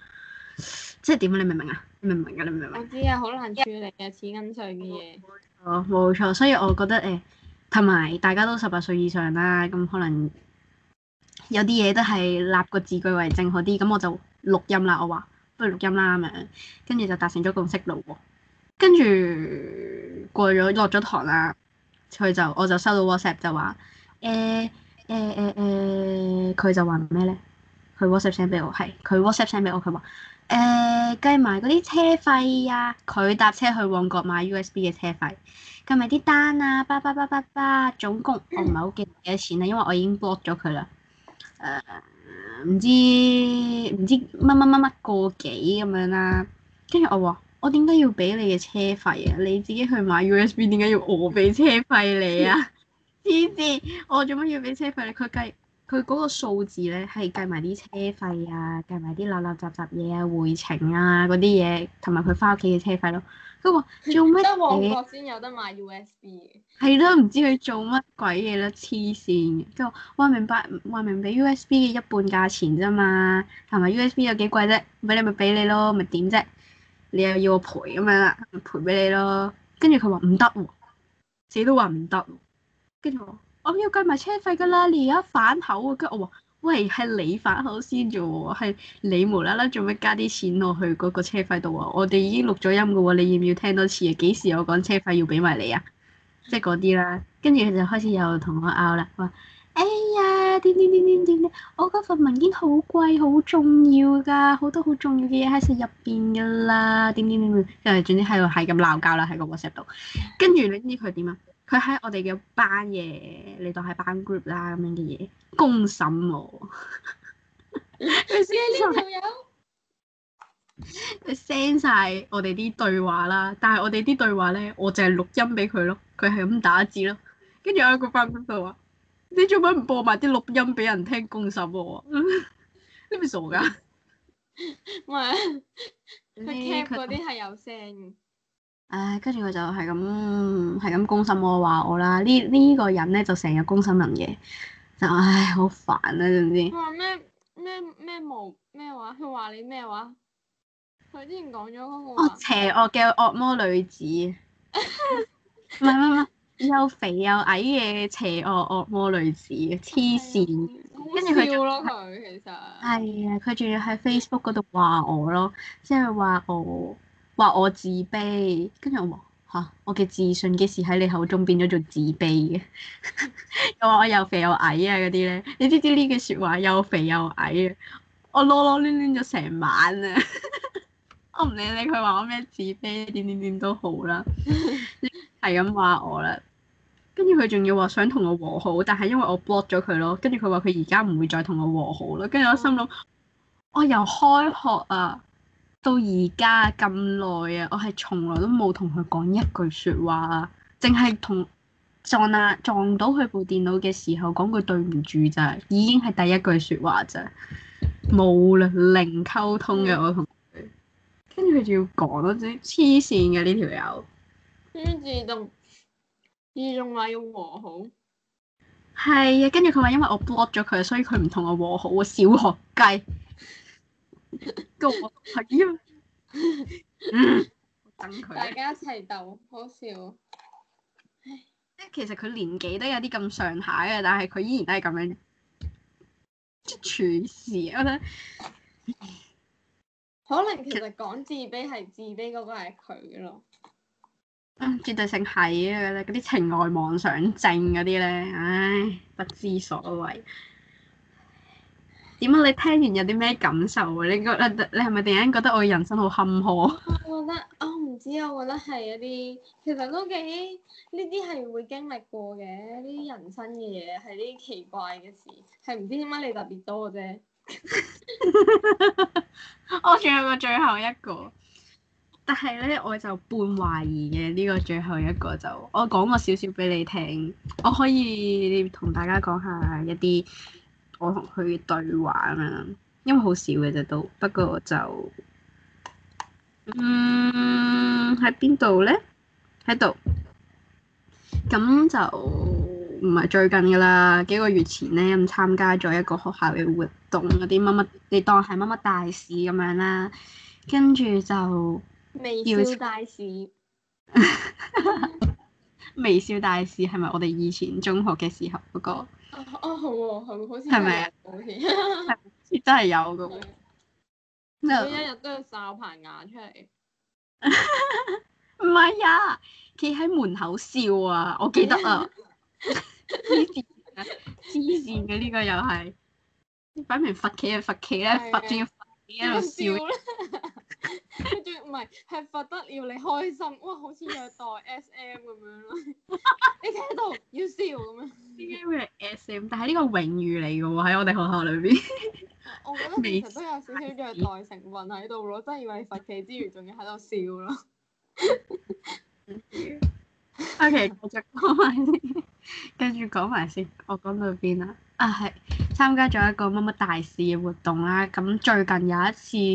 即係點啊？你明唔明啊？你明唔明啊？你明唔明？我知啊，好難處理啊，錢銀上嘅嘢。冇錯，冇錯，所以我覺得誒，同埋大家都十八歲以上啦，咁可能有啲嘢都係立個字據為證嗰啲，咁我就錄音啦，我話不如錄音啦咁樣，跟住就達成咗共識嘞喎。跟住過咗落咗堂啦，佢就我就收到 WhatsApp 就話誒誒誒誒，佢就話咩咧？佢 WhatsApp send 俾我係，佢 WhatsApp send 俾我，佢話。誒計埋嗰啲車費啊，佢搭車去旺角買 USB 嘅車費，計埋啲單啊，巴巴巴巴巴，總共我唔係好記得幾多錢啊，因為我已經 block 咗佢啦。誒、uh, 唔知唔知乜乜乜乜個幾咁樣啦、啊。跟住我話：我點解要俾你嘅車費啊？你自己去買 USB 點解要我俾車費你啊？黐線！ 我做乜要俾車費你？佢計。佢嗰個數字咧係計埋啲車費啊，計埋啲垃垃雜雜嘢啊、會啊回程啊嗰啲嘢，同埋佢翻屋企嘅車費咯。佢話做咩嘢？ 得旺角先有得買 USB。係咯，唔知佢做乜鬼嘢啦，黐線嘅。跟住話明白，話明俾 USB 嘅一半價錢啫嘛，同埋 USB 有幾貴啫？唔俾你咪俾你咯，咪點啫？你又要我賠咁樣啦，賠俾你咯。跟住佢話唔得喎，啊、自己都話唔得。跟住我。我要計埋車費㗎啦，你而家反口啊，跟住我話：喂，係你反口先做喎，係你無啦啦做咩加啲錢落去嗰個車費度啊？我哋已經錄咗音㗎喎，你要唔要聽多次啊？幾時我講車費要俾埋你啊？即係嗰啲啦，跟住佢就開始又同我拗啦，話：哎呀，點點點點點點，我嗰份文件好貴、好重要㗎，好多好重要嘅嘢喺佢入邊㗎啦，點點點點，跟住總之喺度係咁鬧交啦，喺個 WhatsApp 度，跟住你知佢點啊？佢喺我哋嘅班嘢，你當係班 group 啦咁樣嘅嘢，公審我。你 send 晒我哋啲對話啦。但係我哋啲對話咧，我淨係錄音俾佢咯，佢係咁打字咯。跟住喺個班度話：你做乜唔播埋啲錄音俾人聽公審我？ 你咪傻噶？唔係，佢 cap 嗰啲係有聲。唉，跟住佢就係咁係咁公心我話我啦，呢呢、這個人咧就成日公心人嘢，就唉好煩啦、啊，知唔知？話咩咩咩冇？咩話？佢話你咩話？佢之前講咗嗰個。哦，邪惡嘅惡魔女子。唔係唔係唔又肥又矮嘅邪惡惡魔女子，黐線。跟住佢仲。笑咯、啊，佢其實。係啊，佢仲要喺 Facebook 嗰度話我咯，即係話我。就是話我自卑，跟住我話嚇，我嘅自信幾時喺你口中變咗做自卑嘅？ 又話我又肥又矮啊嗰啲咧，你知唔知呢句説話又肥又矮啊？我攞攞攣攣咗成晚啊！ 我唔理你，佢話我咩自卑點點點都好啦，係咁話我啦。跟住佢仲要話想同我和好，但係因為我 block 咗佢咯，跟住佢話佢而家唔會再同我和好啦。跟住我心諗，我又開學啊～到而家咁耐啊，我係從來都冇同佢講一句説話啊，淨係同撞啊撞到佢部電腦嘅時候講句對唔住咋，已經係第一句説話咋，冇啦，零溝通嘅我同佢。跟住佢仲要講啊，真黐線嘅呢條友。跟住仲仲話要和好。係啊，跟住佢話因為我 block 咗佢，所以佢唔同我和好啊，小學雞。咁、 嗯、我係啊，等佢。大家一齊鬥，好笑。即係 其實佢年紀都有啲咁上下嘅，但係佢依然都係咁樣。即係處事，我覺得 可能其實講自卑係自卑嗰個係佢嘅咯。 嗯，絕對性係啊，嗰啲情外妄想症嗰啲咧，唉，不知所謂。點解你聽完有啲咩感受啊？你覺得你你係咪突然間覺得我人生好坎坷我我？我覺得我唔知啊，我覺得係一啲，其實都幾呢啲係會經歷過嘅，呢啲人生嘅嘢係啲奇怪嘅事，係唔知點解你特別多嘅啫。 我仲有個最後一個，但係咧我就半懷疑嘅呢、呢個最後一個就，我講個少少俾你聽，我可以同大家講下一啲。我同佢對話咁，因為好少嘅就都，不過就，嗯，喺邊度咧？喺度，咁就唔係最近噶啦，幾個月前咧，咁參加咗一個學校嘅活動嗰啲乜乜，你當係乜乜大使咁樣啦，跟住就未笑大使。 微笑大使係咪我哋以前中學嘅時候嗰個？ 啊，好喎，係好似係咪啊？真係有嘅喎，一日都要哨棚牙出嚟。唔係啊，企喺門口笑啊，我記得啊。黐線嘅，黐線嘅呢個又係，擺明罰企啊，罰企咧，罰，仲要罰企喺度笑。 跟住唔係，係罰 得要你開心，哇，好似虐待 SM S M 咁樣咯！你睇到要笑咁樣？點解會 S M？但係呢個榮譽嚟嘅喎，喺我哋學校裏邊。 我覺得其實都有少少虐待成分喺度咯，真係以為罰企之餘，仲要喺度笑咯。 o、okay, K，我着講埋先，跟住講埋先。我講到邊啦？啊，係參加咗一個乜乜大事嘅活動啦。咁最近有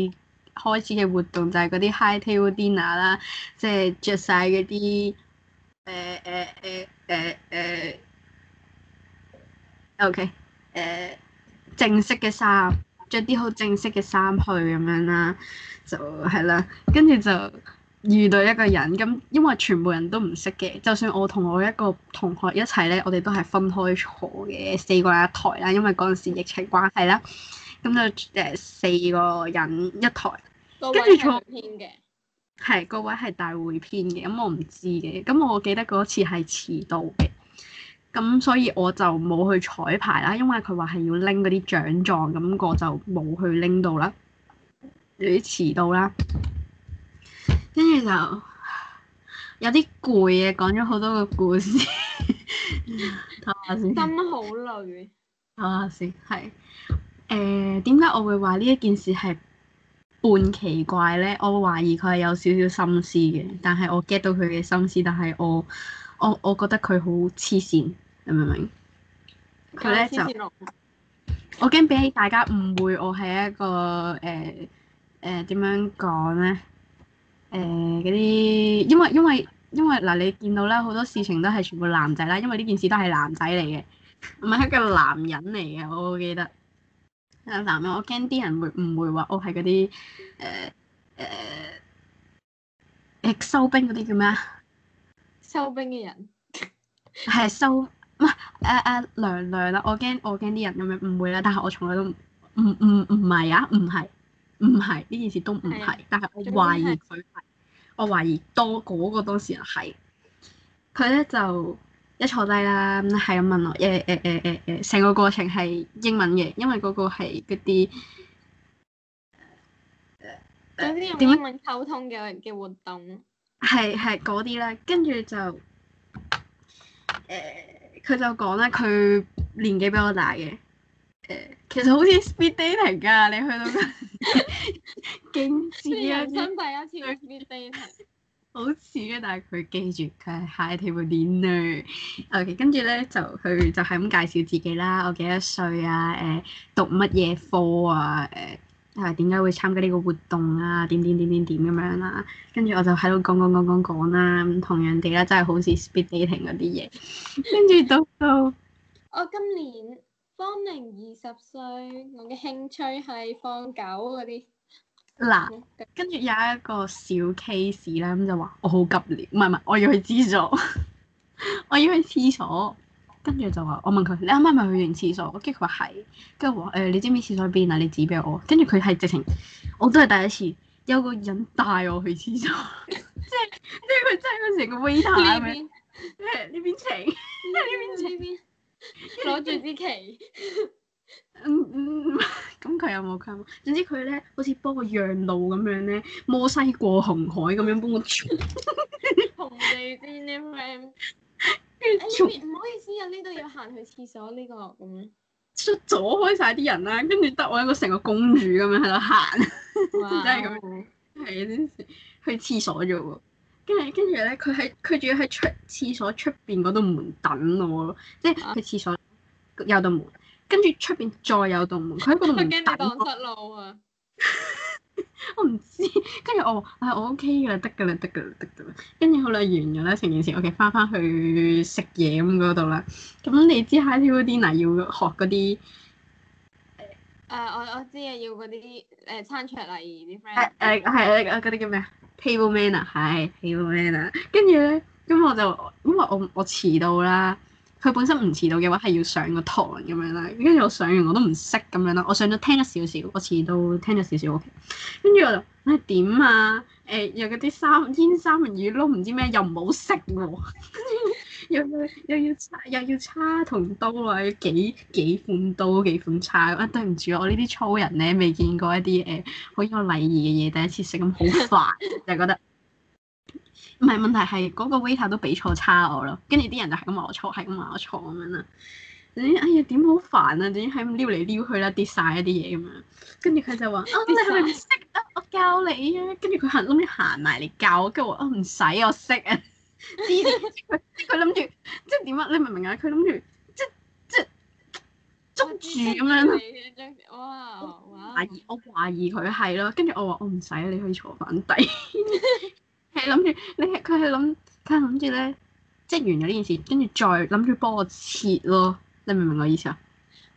一次。開始嘅活動就係嗰啲 high tea dinner 啦，即係着晒嗰啲誒誒誒誒誒，OK 誒、呃、正式嘅衫，着啲好正式嘅衫去咁樣啦，就係啦，跟住就遇到一個人，咁因為全部人都唔識嘅，就算我同我一個同學一齊咧，我哋都係分開坐嘅，四個人一台啦，因為嗰陣時疫情關係啦。咁就誒四個人一台，跟住坐編嘅，係、個位係大會編嘅，咁我唔知嘅。咁我記得嗰次係遲到嘅，咁所以我就冇去彩排啦，因為佢話係要拎嗰啲獎狀，咁我就冇去拎到啦，有啲遲到啦。跟住就有啲攰嘅，講咗好多個故事，唞 看好攰，唞下先，係。誒點解我會話呢一件事係半奇怪咧？我懷疑佢係有少少心思嘅，但係我 get 到佢嘅心思，但係我我我覺得佢好黐線，你明唔明？佢咧就我驚俾大家誤會，我係一個誒誒點樣講咧？誒嗰啲因為因為因為嗱、呃、你見到啦，好多事情都係全部男仔啦，因為呢件事都係男仔嚟嘅，唔係一個男人嚟嘅，我記得。啊、男嘅我驚啲人會唔會話我係嗰啲誒誒，收兵嗰啲叫咩 啊？收兵嘅人係收唔係誒誒娘娘啦！我驚我驚啲人咁樣誤會啦，但係我從來都唔唔唔唔係啊，唔係唔係呢件事都唔係，啊、但係我懷疑佢，我懷疑多嗰個當事人係佢咧就。一坐低啦，咁係咁問我，誒誒誒誒誒，成、欸欸欸、個過程係英文嘅，因為嗰個係嗰啲嗰啲用英文溝通嘅嘅活動，係係嗰啲啦，跟、呃、住就誒佢、呃、就講啦，佢年紀比我大嘅，誒、呃、其實好似 speed dating 㗎、啊，你去到嗰經濫啊，真 第一次 speed dating。 好似嘅，但係佢記住佢係 high t e OK 跟住咧就佢就係咁介紹自己啦，我幾多歲啊？誒讀乜嘢科啊？誒係點解會參加呢個活動啊？點點點點點咁樣啦、啊，跟住我就喺度講講講講講啦，同樣地啦，真係好似 speed dating 嗰啲嘢，跟 住著到到 我今年芳齡二十歲，我嘅興趣係放狗嗰啲。嗱，跟住有一個小 case 咧，咁就話我好急尿，唔係唔係，我要去廁所， 我要去廁所。跟住就話我問佢，你啱啱咪去完廁所？我激佢話係，跟住我話誒，你知唔知廁所喺邊啊？你指俾我。跟住佢係直情，我都係第一次有一個人帶我去廁所， 即係即係佢真係成個 waiter 咁樣邊。即係呢邊請，即係呢邊請，攞住支旗。 嗯，嗯，咁、嗯、佢有冇卡？總之佢咧好似幫我讓路咁樣咧，摩西過紅海咁樣幫我。紅地啲呢唔好意思啊，呢度要行去廁所呢、這個咁樣，嗯、出阻開晒啲人啦，跟住得我一個成個公主咁樣喺度行，真係咁，係啲事去廁所啫喎。跟住跟住咧，佢喺佢仲要喺出廁所出邊嗰度門等我咯，即係去廁所有道門。跟住出邊再有道門，佢喺度唔，驚你蕩失路啊！我唔、okay okay, 嗯、知。跟住、啊、我，我我 OK 噶啦，得噶啦，得噶啦，得噶啦。跟住好啦，完咗啦，成件事我哋翻返去食嘢咁嗰度啦。咁你知 high table dinner 要學嗰啲？誒、啊啊啊嗯，我我知啊，要嗰啲誒餐桌禮儀啲 friend。誒係嗰啲叫咩啊 table manners 啊，e 係 table manners 啊。跟住咧，咁我就因為我我，我遲到啦。佢本身唔遲到嘅話，係要上個堂咁樣啦。跟住我上完我都唔識咁樣啦。我上咗聽咗少少，我遲到聽咗少少 OK。跟、OK、住我就誒點、哎、啊？誒、哎、又嗰啲三煙三文魚碌唔知咩又唔好食喎，又、啊、 又又要，又要叉又要叉同刀啊！要幾幾款刀幾款叉啊、哎？對唔住我呢啲粗人咧未見過一啲誒好有禮儀嘅嘢，第一次食咁好煩， 就覺得。唔係問題係嗰個 waiter 都俾錯叉我咯，跟住啲人就係咁話我錯，係咁話我錯咁樣啦。總之哎呀點好煩啊！總之係咁撩嚟撩去啦，跌晒一啲嘢咁樣。跟住佢就話：，啊、哦、你係咪唔識啊？我教你啊！跟住佢行諗住行埋嚟教我，跟住我話：，啊唔使，我識啊！佢諗住即係點啊？你明唔明啊？佢諗住即即捉住咁樣哇！懷疑我懷疑佢係咯，跟住我話我唔使，你可以坐返低。」係諗住，你係佢係諗，佢諗住咧，即完咗呢件事，跟住再諗住幫我切咯，你明唔明我意思啊？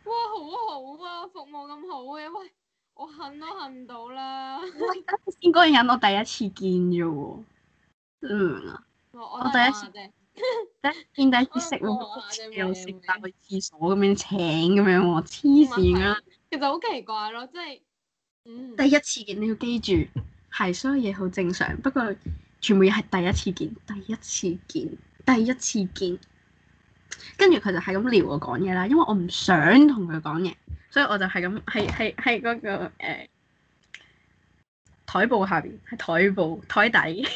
哇，好好啊，服務咁好嘅，啊，喂，我恨都恨唔到啦。哇， 哎，嗰、嗰個人我第一次見咋喎？嗯啊，我我第一次第一見第一次食，又食搭去廁所咁樣請咁樣喎，黐線噶啦，其實好奇怪咯，即係，嗯、第一次見你要記住，係所有嘢好正常，不過。全部嘢係第一次見，第一次見，第一次見。跟住佢就係咁撩我講嘢啦，因為我唔想同佢講嘢，所以我就係咁喺喺喺嗰個欸、台布下邊，喺台布台底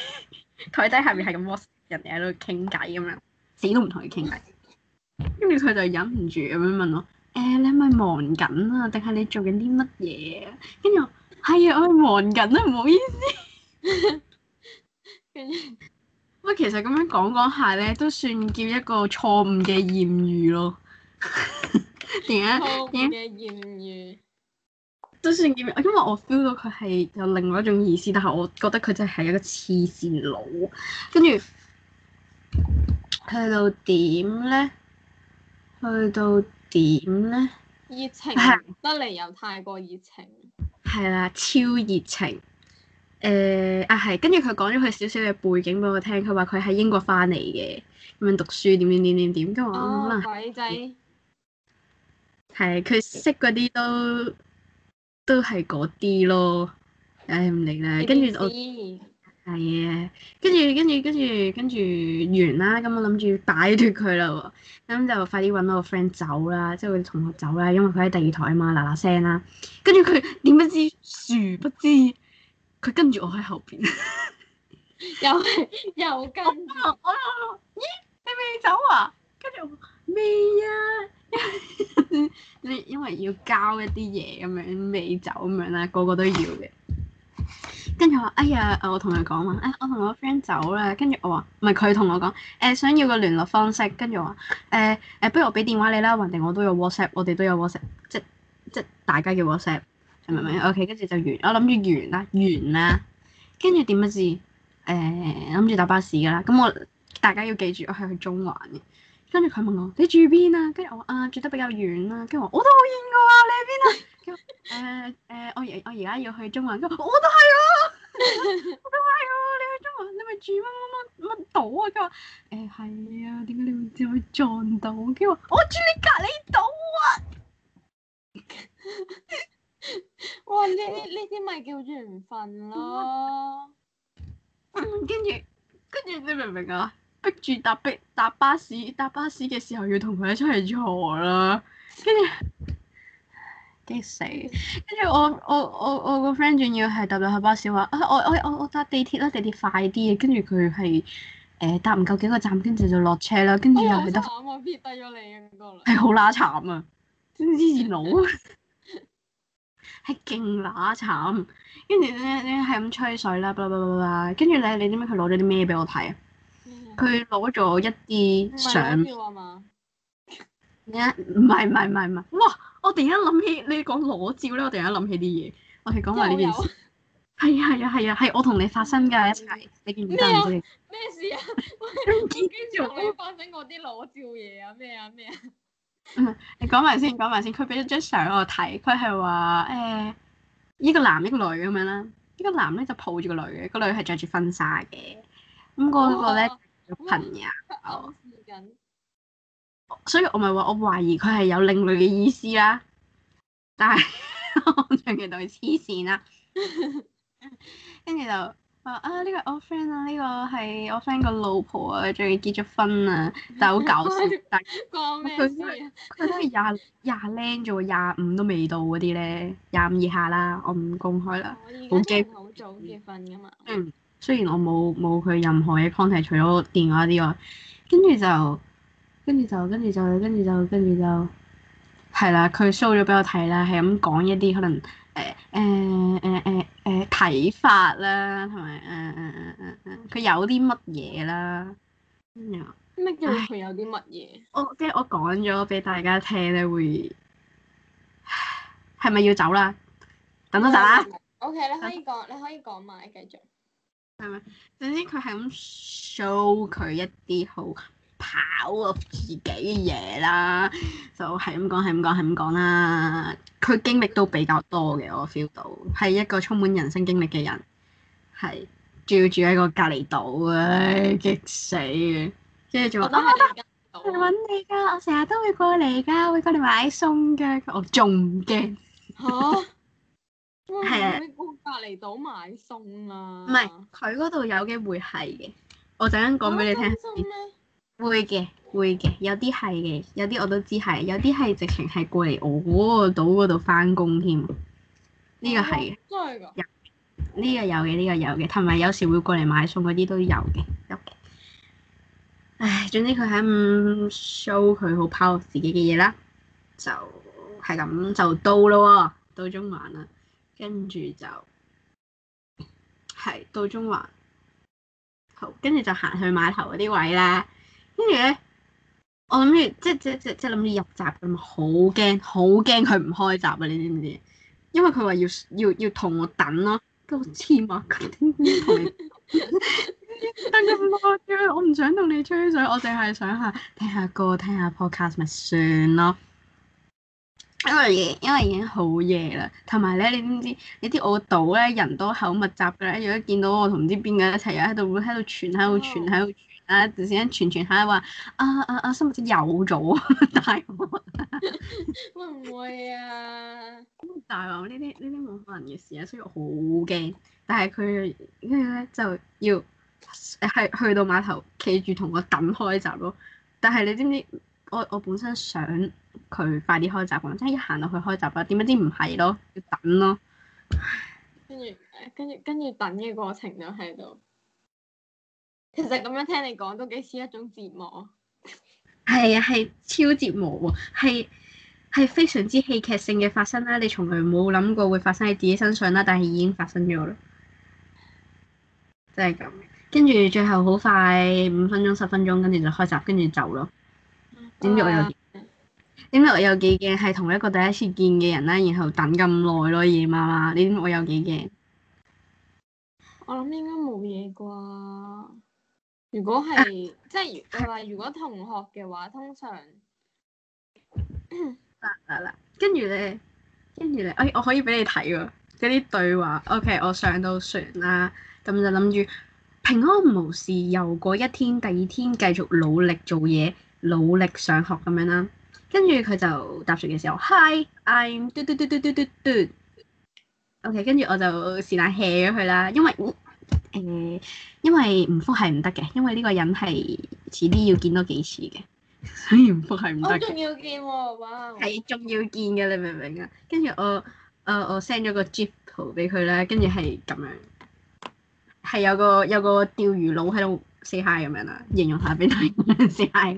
台 底下面係咁 watch 人哋喺度傾偈咁樣，死都唔同佢傾偈。跟住佢就忍唔住咁樣問我：誒、欸，你係咪忙緊啊？定係你做緊啲乜嘢？跟住我係啊，我忙緊啊，唔好意思。 喂， 其實咁樣講講下咧，都算叫一個錯誤嘅艷遇咯。點 解麼？錯誤嘅艷遇都算叫，因為我 feel 到佢係有另外一種意思，但係我覺得佢真係一個痴線佬。跟住去到點咧？去到點咧？熱情 得嚟又太過熱情。係啦、 啊，超熱情。誒、呃、啊係，跟住佢講咗佢少少嘅背景俾我聽，佢話佢喺英國翻嚟嘅，咁樣讀書點點點點點，跟住我可能鬼仔，係佢識嗰啲都都係嗰啲咯，唉、哎、唔理啦，跟住我係啊，跟住跟住跟住跟住完啦，咁我諗住擺脫佢啦喎，咁就快啲揾我 friend 走啦，即係佢同學走啦，因為佢喺第二台啊嘛，嗱嗱聲啦，跟住佢點不知殊不知。佢跟住我喺後邊， 又係又跟 我。我我，我，我咦？你未走啊？跟住我未啊，啊？因為要交一啲嘢咁樣，未走咁樣啦，個個都要嘅。跟住我，哎呀！我同佢講話，哎，我同、哎、我 friend 走啦。哎、跟住我話，唔係佢同我講，誒想要個聯絡方式。跟住我誒誒、哎，不如我俾電話你啦，還定我都有 WhatsApp，我哋都有 WhatsApp，即即大家嘅 WhatsApp。明唔明？OK，跟住就完。我諗住完啦，完啦。跟住點啊？是、欸、誒，諗住搭巴士噶啦。咁我大家要記住，我係去中環嘅。跟住佢問我：你住邊啊？跟住我話啊，住得比較遠啊。跟住我：我都好遠噶你喺邊啊？跟住、啊呃呃呃、我我而家要去中環，我,我,啊、 我都係啊！我都係啊！你去中環，你咪住乜乜乜乜島啊？跟住誒係啊，點解你會知我撞到？跟住我,我住你隔離島啊！ 哇！呢啲呢啲咪叫緣分咯，跟住跟住你明唔明啊？逼住搭逼搭巴士，搭巴士嘅時候要同佢一齊坐啦，跟住激死，跟住我我我我個 friend 仲要係搭落去巴士話啊我我我搭地鐵啦，地鐵快啲，跟住佢係誒搭唔夠幾個站，跟住就落車啦，跟住又咪得、哦。我啊！撇低咗你一個係好拉慘啊！真係煎腦啊！係勁乸慘，跟住咧咧係咁吹水啦，巴啦巴拉，跟住咧，你知唔知佢攞咗啲咩俾我睇啊？佢攞咗一啲相。裸照唔係唔係唔係唔係，哇！我突然間諗起你講裸照咧，我突然間諗起啲嘢，我係講埋呢件事。係有啊係啊係啊係我同你發生嘅一齊，有你記唔記得？咩麼事啊？跟住又發生我啲裸照嘢啊咩啊咩啊？嗯，你講埋先，講埋先。佢俾咗張相我睇，佢係話誒，依個男一個女咁樣啦，依個男咧就抱住個女嘅，個女係着住婚紗嘅，咁嗰個咧朋友。我緊、哦。所以我咪話，我懷疑佢係有另類嘅意思啦，但係 我最近都黐線啦，跟住就。啊！呢、這個我 friend 啊，呢、這個係我 friend 個老婆啊，仲要結咗婚啊，但係好搞笑。講咩先？佢 都係廿廿零啫喎，廿五都未到嗰啲咧，廿五以下啦，我唔公開啦。好驚！好早結婚㗎嘛。嗯，雖然我冇冇佢任何嘅 contact 除咗電話啲外，跟住就跟住就跟住就跟住就跟住就係啦。佢 show 咗俾我睇啦，係咁講一啲可能。誒誒誒誒睇法、嗯嗯嗯、啦，同埋誒誒誒誒佢有啲乜嘢啦？咩？咩叫佢有啲乜嘢？我即係我講咗俾大家聽咧，會係咪要走啦？等多陣啦。OK，你可以講，你可以講埋，繼續。係咪？總之佢係咁 show 佢一啲好。跑啊自己嘅嘢啦，就係咁講，係咁講，係咁講啦。佢經歷都比較多嘅，我 feel 到係一個充滿人生經歷嘅人。係，仲要住喺個隔離島啊，激死啊！跟住仲我都係隔離島搵你㗎，我成日都會過嚟㗎，會過嚟買餸嘅。我仲驚嚇，喺個隔離島買餸啊！唔係佢嗰度有機會係嘅，我陣間講俾你聽。會嘅，會嘅，有啲係嘅，有啲我都知係，有啲係直情係過嚟，我嗰個島嗰度翻工添。呢個係嘅，真係噶，呢個有嘅，呢個有嘅，同埋有時會過嚟買餸嗰啲都有嘅。唉，總之佢喺 show 佢好拋自己嘅嘢啦，就係咁就到咯，到中環啦，跟住就係到中環，好，跟住就行去碼頭嗰啲位啦。跟住咧，我諗住即即即即諗住入閘咁嘛，好驚好驚佢唔開閘啊！你知唔知？因為佢話要要要同我等咯、啊，都黐孖筋，同你等咁耐，我唔想同你吹水，我淨係想下，聽下歌、聽下 podcast 咪算咯。因為因為已經好夜啦，同埋咧你知唔知？你知我個島咧人多口密集噶，如果見到我同唔知邊個一齊又喺度，會喺度傳喺度傳喺度。突然傳傳啊！突然間傳傳下話啊啊啊，收、啊、物仔有咗大鑊，會 唔 會啊？大鑊？呢啲呢啲冇可能嘅事啊！所以我好驚。但係佢跟住咧就要係去到碼頭企住同我等開閘咯。但係你知唔知我？我我本身想佢快啲開閘，即係一行落去開閘啦。點解知唔係咯？要等咯。 跟住，跟住，跟住等嘅過程就喺度。其實咁樣聽你講都幾似一種折磨。係啊，係超折磨喎，係係非常之戲劇性嘅發生啦，你從來冇諗過會發生喺自己身上啦，但係已經發生咗啦，真係咁。跟住最後好快五分鐘、十分鐘，跟住就開閘，跟住就走咯。點、啊、知我又點解我有幾驚？係、啊、同一個第一次見嘅人啦，然後等咁耐咯，夜媽媽，你知知我有幾驚？我諗應該冇嘢啩。如果係即係話，就是、如果同學嘅話，通常啦啦啦，跟住咧，跟住咧，哎、啊，我可以俾你睇喎、啊，嗰啲對話。O、okay, K，我上到船啦，咁、嗯、就諗住平安無事又過一天，第二天繼續努力做嘢，努力上學咁樣啦、啊。跟住佢就搭船嘅時候，Hi，I'm 嘟嘟嘟嘟嘟嘟嘟。O K，、okay, 跟住我就是但 hea 咗佢啦，因為，嗯誒、嗯，因為唔覆係唔得嘅，因為呢個人係遲啲要見多幾次嘅， 所以唔覆係唔得嘅。我仲要見喎、哦，係仲要見嘅，你明唔明啊？跟住我，誒、呃、我 send 咗個 GIF 圖俾佢啦，跟住係咁樣，係有個有個釣魚佬喺度 say hi 咁樣啦，形容下俾你 say hi。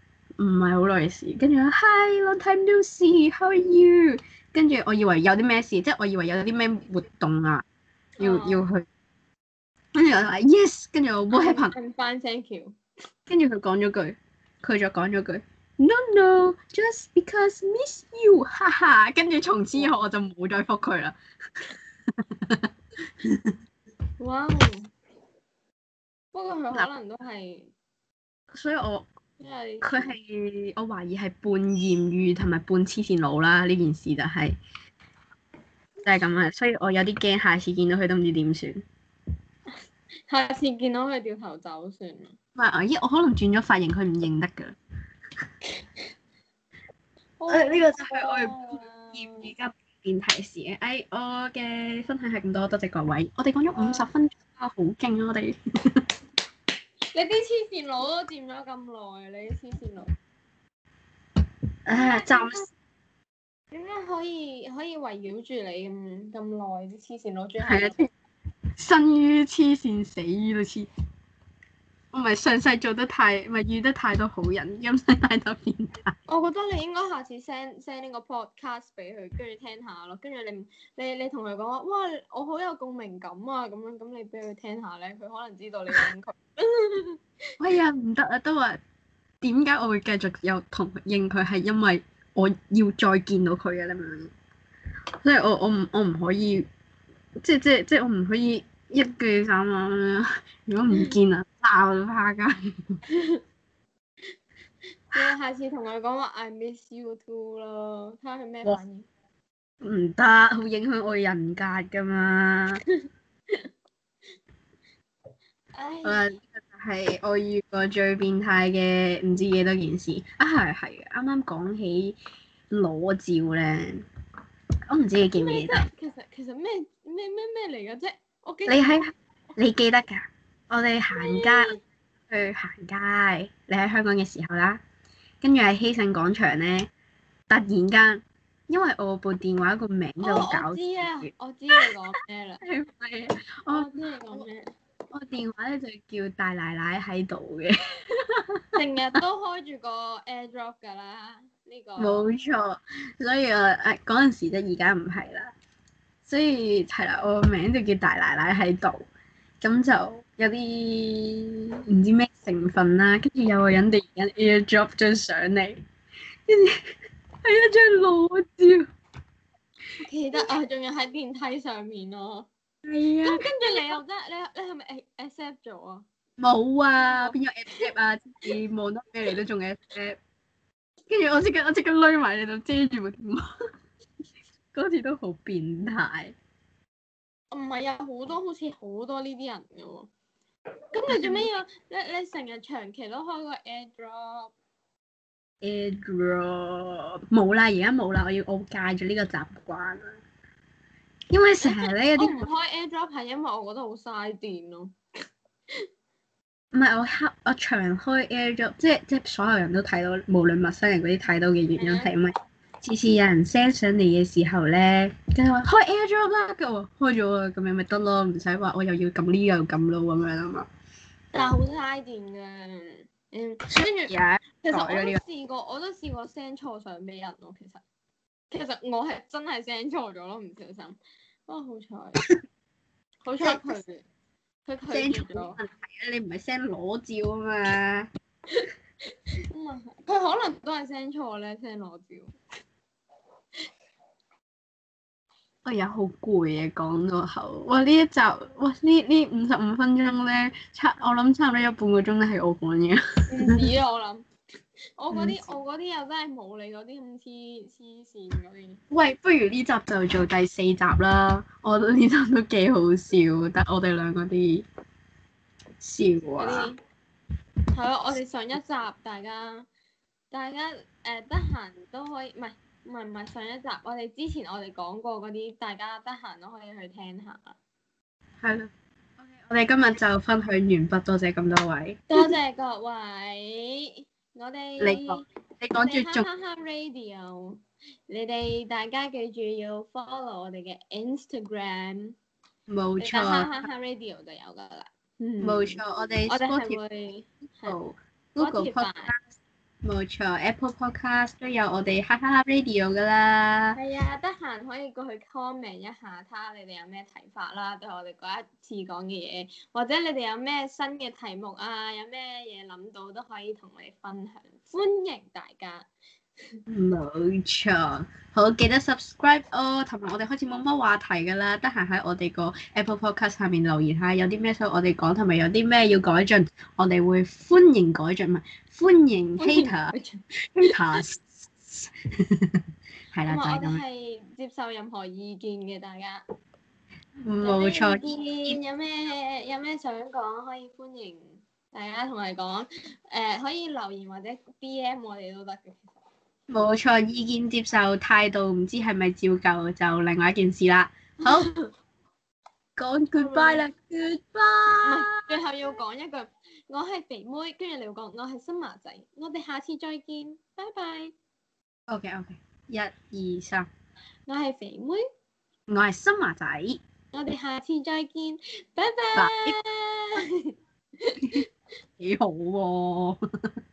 唔係好耐嘅事，跟住佢話，Hi，long time no see，how are you？跟住我以為有啲咩事，即係我以為有啲咩活動啊，要要去。跟住我話 yes，跟住我 what happened？I'm fine，thank you。跟住佢講咗句，佢就講咗句，no no，just because miss you，哈哈。跟住從此以後我就冇再復佢啦。哇！不過佢可能都係，所以我。佢係，我懷疑係半艷遇同埋半黐線佬啦。呢件事就係、是，就係咁啦。所以我有啲驚，下次見到佢都唔知點算。下次見到佢掉頭走算。唔係，咦、啊？我可能轉咗髮型，佢唔認得噶。誒、 哎、呢、這個就係我嘅艷遇加變提示嘅。誒，我嘅分享係咁多，多謝各位。我哋講咗五十分鐘啊，好勁啊，我哋。你啲黐線佬都佔咗咁耐，你啲黐線佬。唉、啊，暫時。點解、啊、可以可以圍繞住你咁咁耐啲黐線佬？最係。係啊，生於黐線，死於都黐。我咪上世做得太，咪遇得太多好人，陰世太多變態。我覺得你應該下次 send send 呢個 podcast 俾佢，跟住聽下咯。跟住你你你同佢講話，哇，我好有共鳴感啊，咁樣咁你俾佢聽下咧，佢可能知道你揾佢。 哎呀，唔得啊，都話點解我會繼續有同應佢係因為我要再見到佢嘅咧？你明唔明，即係我我唔我唔可以，即係即係即係我唔可以。一句慘話咁樣， 如果唔見啊，爆到趴街。 你下次同佢講話，I miss you too 咯，睇下佢咩反應。唔得，好影響我人格噶嘛。呢 個就係我遇過最變態嘅唔知幾多件事啊，係係，啱啱講起裸照咧，我唔知你記唔記得其，其實其實咩咩咩咩嚟㗎啫？你喺你記得噶？我哋行街 去行街，你喺香港嘅時候啦，跟住喺希慎廣場咧，突然間，因為我部電話個名就搞住、哦，我知你講咩啦，係咪？我知你講咩？我電話咧就叫大奶奶喺度嘅，成 日都開住個 AirDrop 噶啦。呢、這個冇錯，所以我誒嗰陣時就，而家唔係啦。所以係啦，我個名就叫大奶奶喺度，咁就有啲唔知咩成分啦，跟住有個人哋 airdrop 張相嚟，跟住係一張裸照，記得啊，仲要喺電梯上面咯，係啊，跟住你又得，你你係咪 accept 咗啊？冇啊，邊有 accept 啊？你望 到咩嚟都仲 accept，跟住我即刻我即刻匿埋你度遮住部電話。嗰次都好變態，唔係啊，多好多好似好多呢啲人嘅喎，咁你做咩要你你成日長期都開個 AirDrop？AirDrop 冇啦，而家冇啦，我要我戒咗呢個習慣。因為成日咧有啲唔開 AirDrop 係因為我覺得好嘥電咯。唔 係我黑我，我長開 AirDrop，即係即係所有人都睇到，無論陌生人嗰啲睇到嘅原因係咩？嗯次次有人 send 上嚟嘅時候咧，跟住話開 AirDrop 啦嘅喎，開咗喎，咁樣咪得咯，唔使話我又要撳呢又撳咯咁樣啊嘛。但係好嘥電嘅，嗯。跟住，其實我都、這個、我都試過，我都試過 send 錯相俾人咯。其實，其實我係真係 send 錯咗咯，唔小心。不過，好彩，好彩佢，佢 退掉咗。問題你唔係 send 裸照啊嘛？咁啊，佢可能都係 send 錯咧，send 裸照。哎呀，好攰啊，講到口，哇呢一集，哇呢呢五十五分鐘咧，差我諗差唔多有半個鐘都係我講嘢，唔止啊我諗，我嗰啲 我嗰啲 又真係冇你嗰啲咁黐黐線啲。喂，不如呢集就做第四集啦，我覺得呢集都幾好笑，得我哋兩個啲笑啊。係啊，我哋上一集大家大家誒得閒都可以，唔係。唔係唔係上一集，我哋之前我哋講過嗰啲，大家得閒都可以去聽下。係咯。我哋今日就分享完畢，多謝咁多位。多謝各位，我哋。你講。你講住做。你哋大家記住要 follow 我哋嘅 Instagram。冇錯。你得黑黑黑 Radio 就有㗎啦。嗯。冇錯，我哋。我哋係會。好。Google Plus。冇錯，Apple Podcast 都有我哋哈哈哈 Radio 噶啦。係啊，得閒可以過去 comment 一下，睇下你哋有咩睇法啦，對我哋嗰一次講嘅嘢，或者你哋有咩新嘅題目啊，有咩嘢諗到都可以同我哋分享，歡迎大家。冇錯，好記得 subscribe 哦，同埋我哋開始冇乜話題噶啦，得閒喺我哋個 Apple Podcast 下面留言下有啲咩想我哋講，同埋有啲咩要改進，我哋會歡迎改進，唔係歡迎 hater，hater 係啦， 了我哋都係接受任何意見嘅，大家冇錯，錯意見有咩有咩想講，可以歡迎大家，同埋講誒可以留言或者 B M 我哋都得嘅。冇錯，意見接受態度唔知係咪照舊就另外一件事啦。好，講 goodbye 啦，goodbye。最後要講一句，我係肥妹，跟住你會講，我係新麻仔，我哋下次再見，拜拜。1 OK OK，一、二、三，我係肥妹，我係新麻仔，我哋下次再見，拜拜。幾 Bye. 好喎，啊！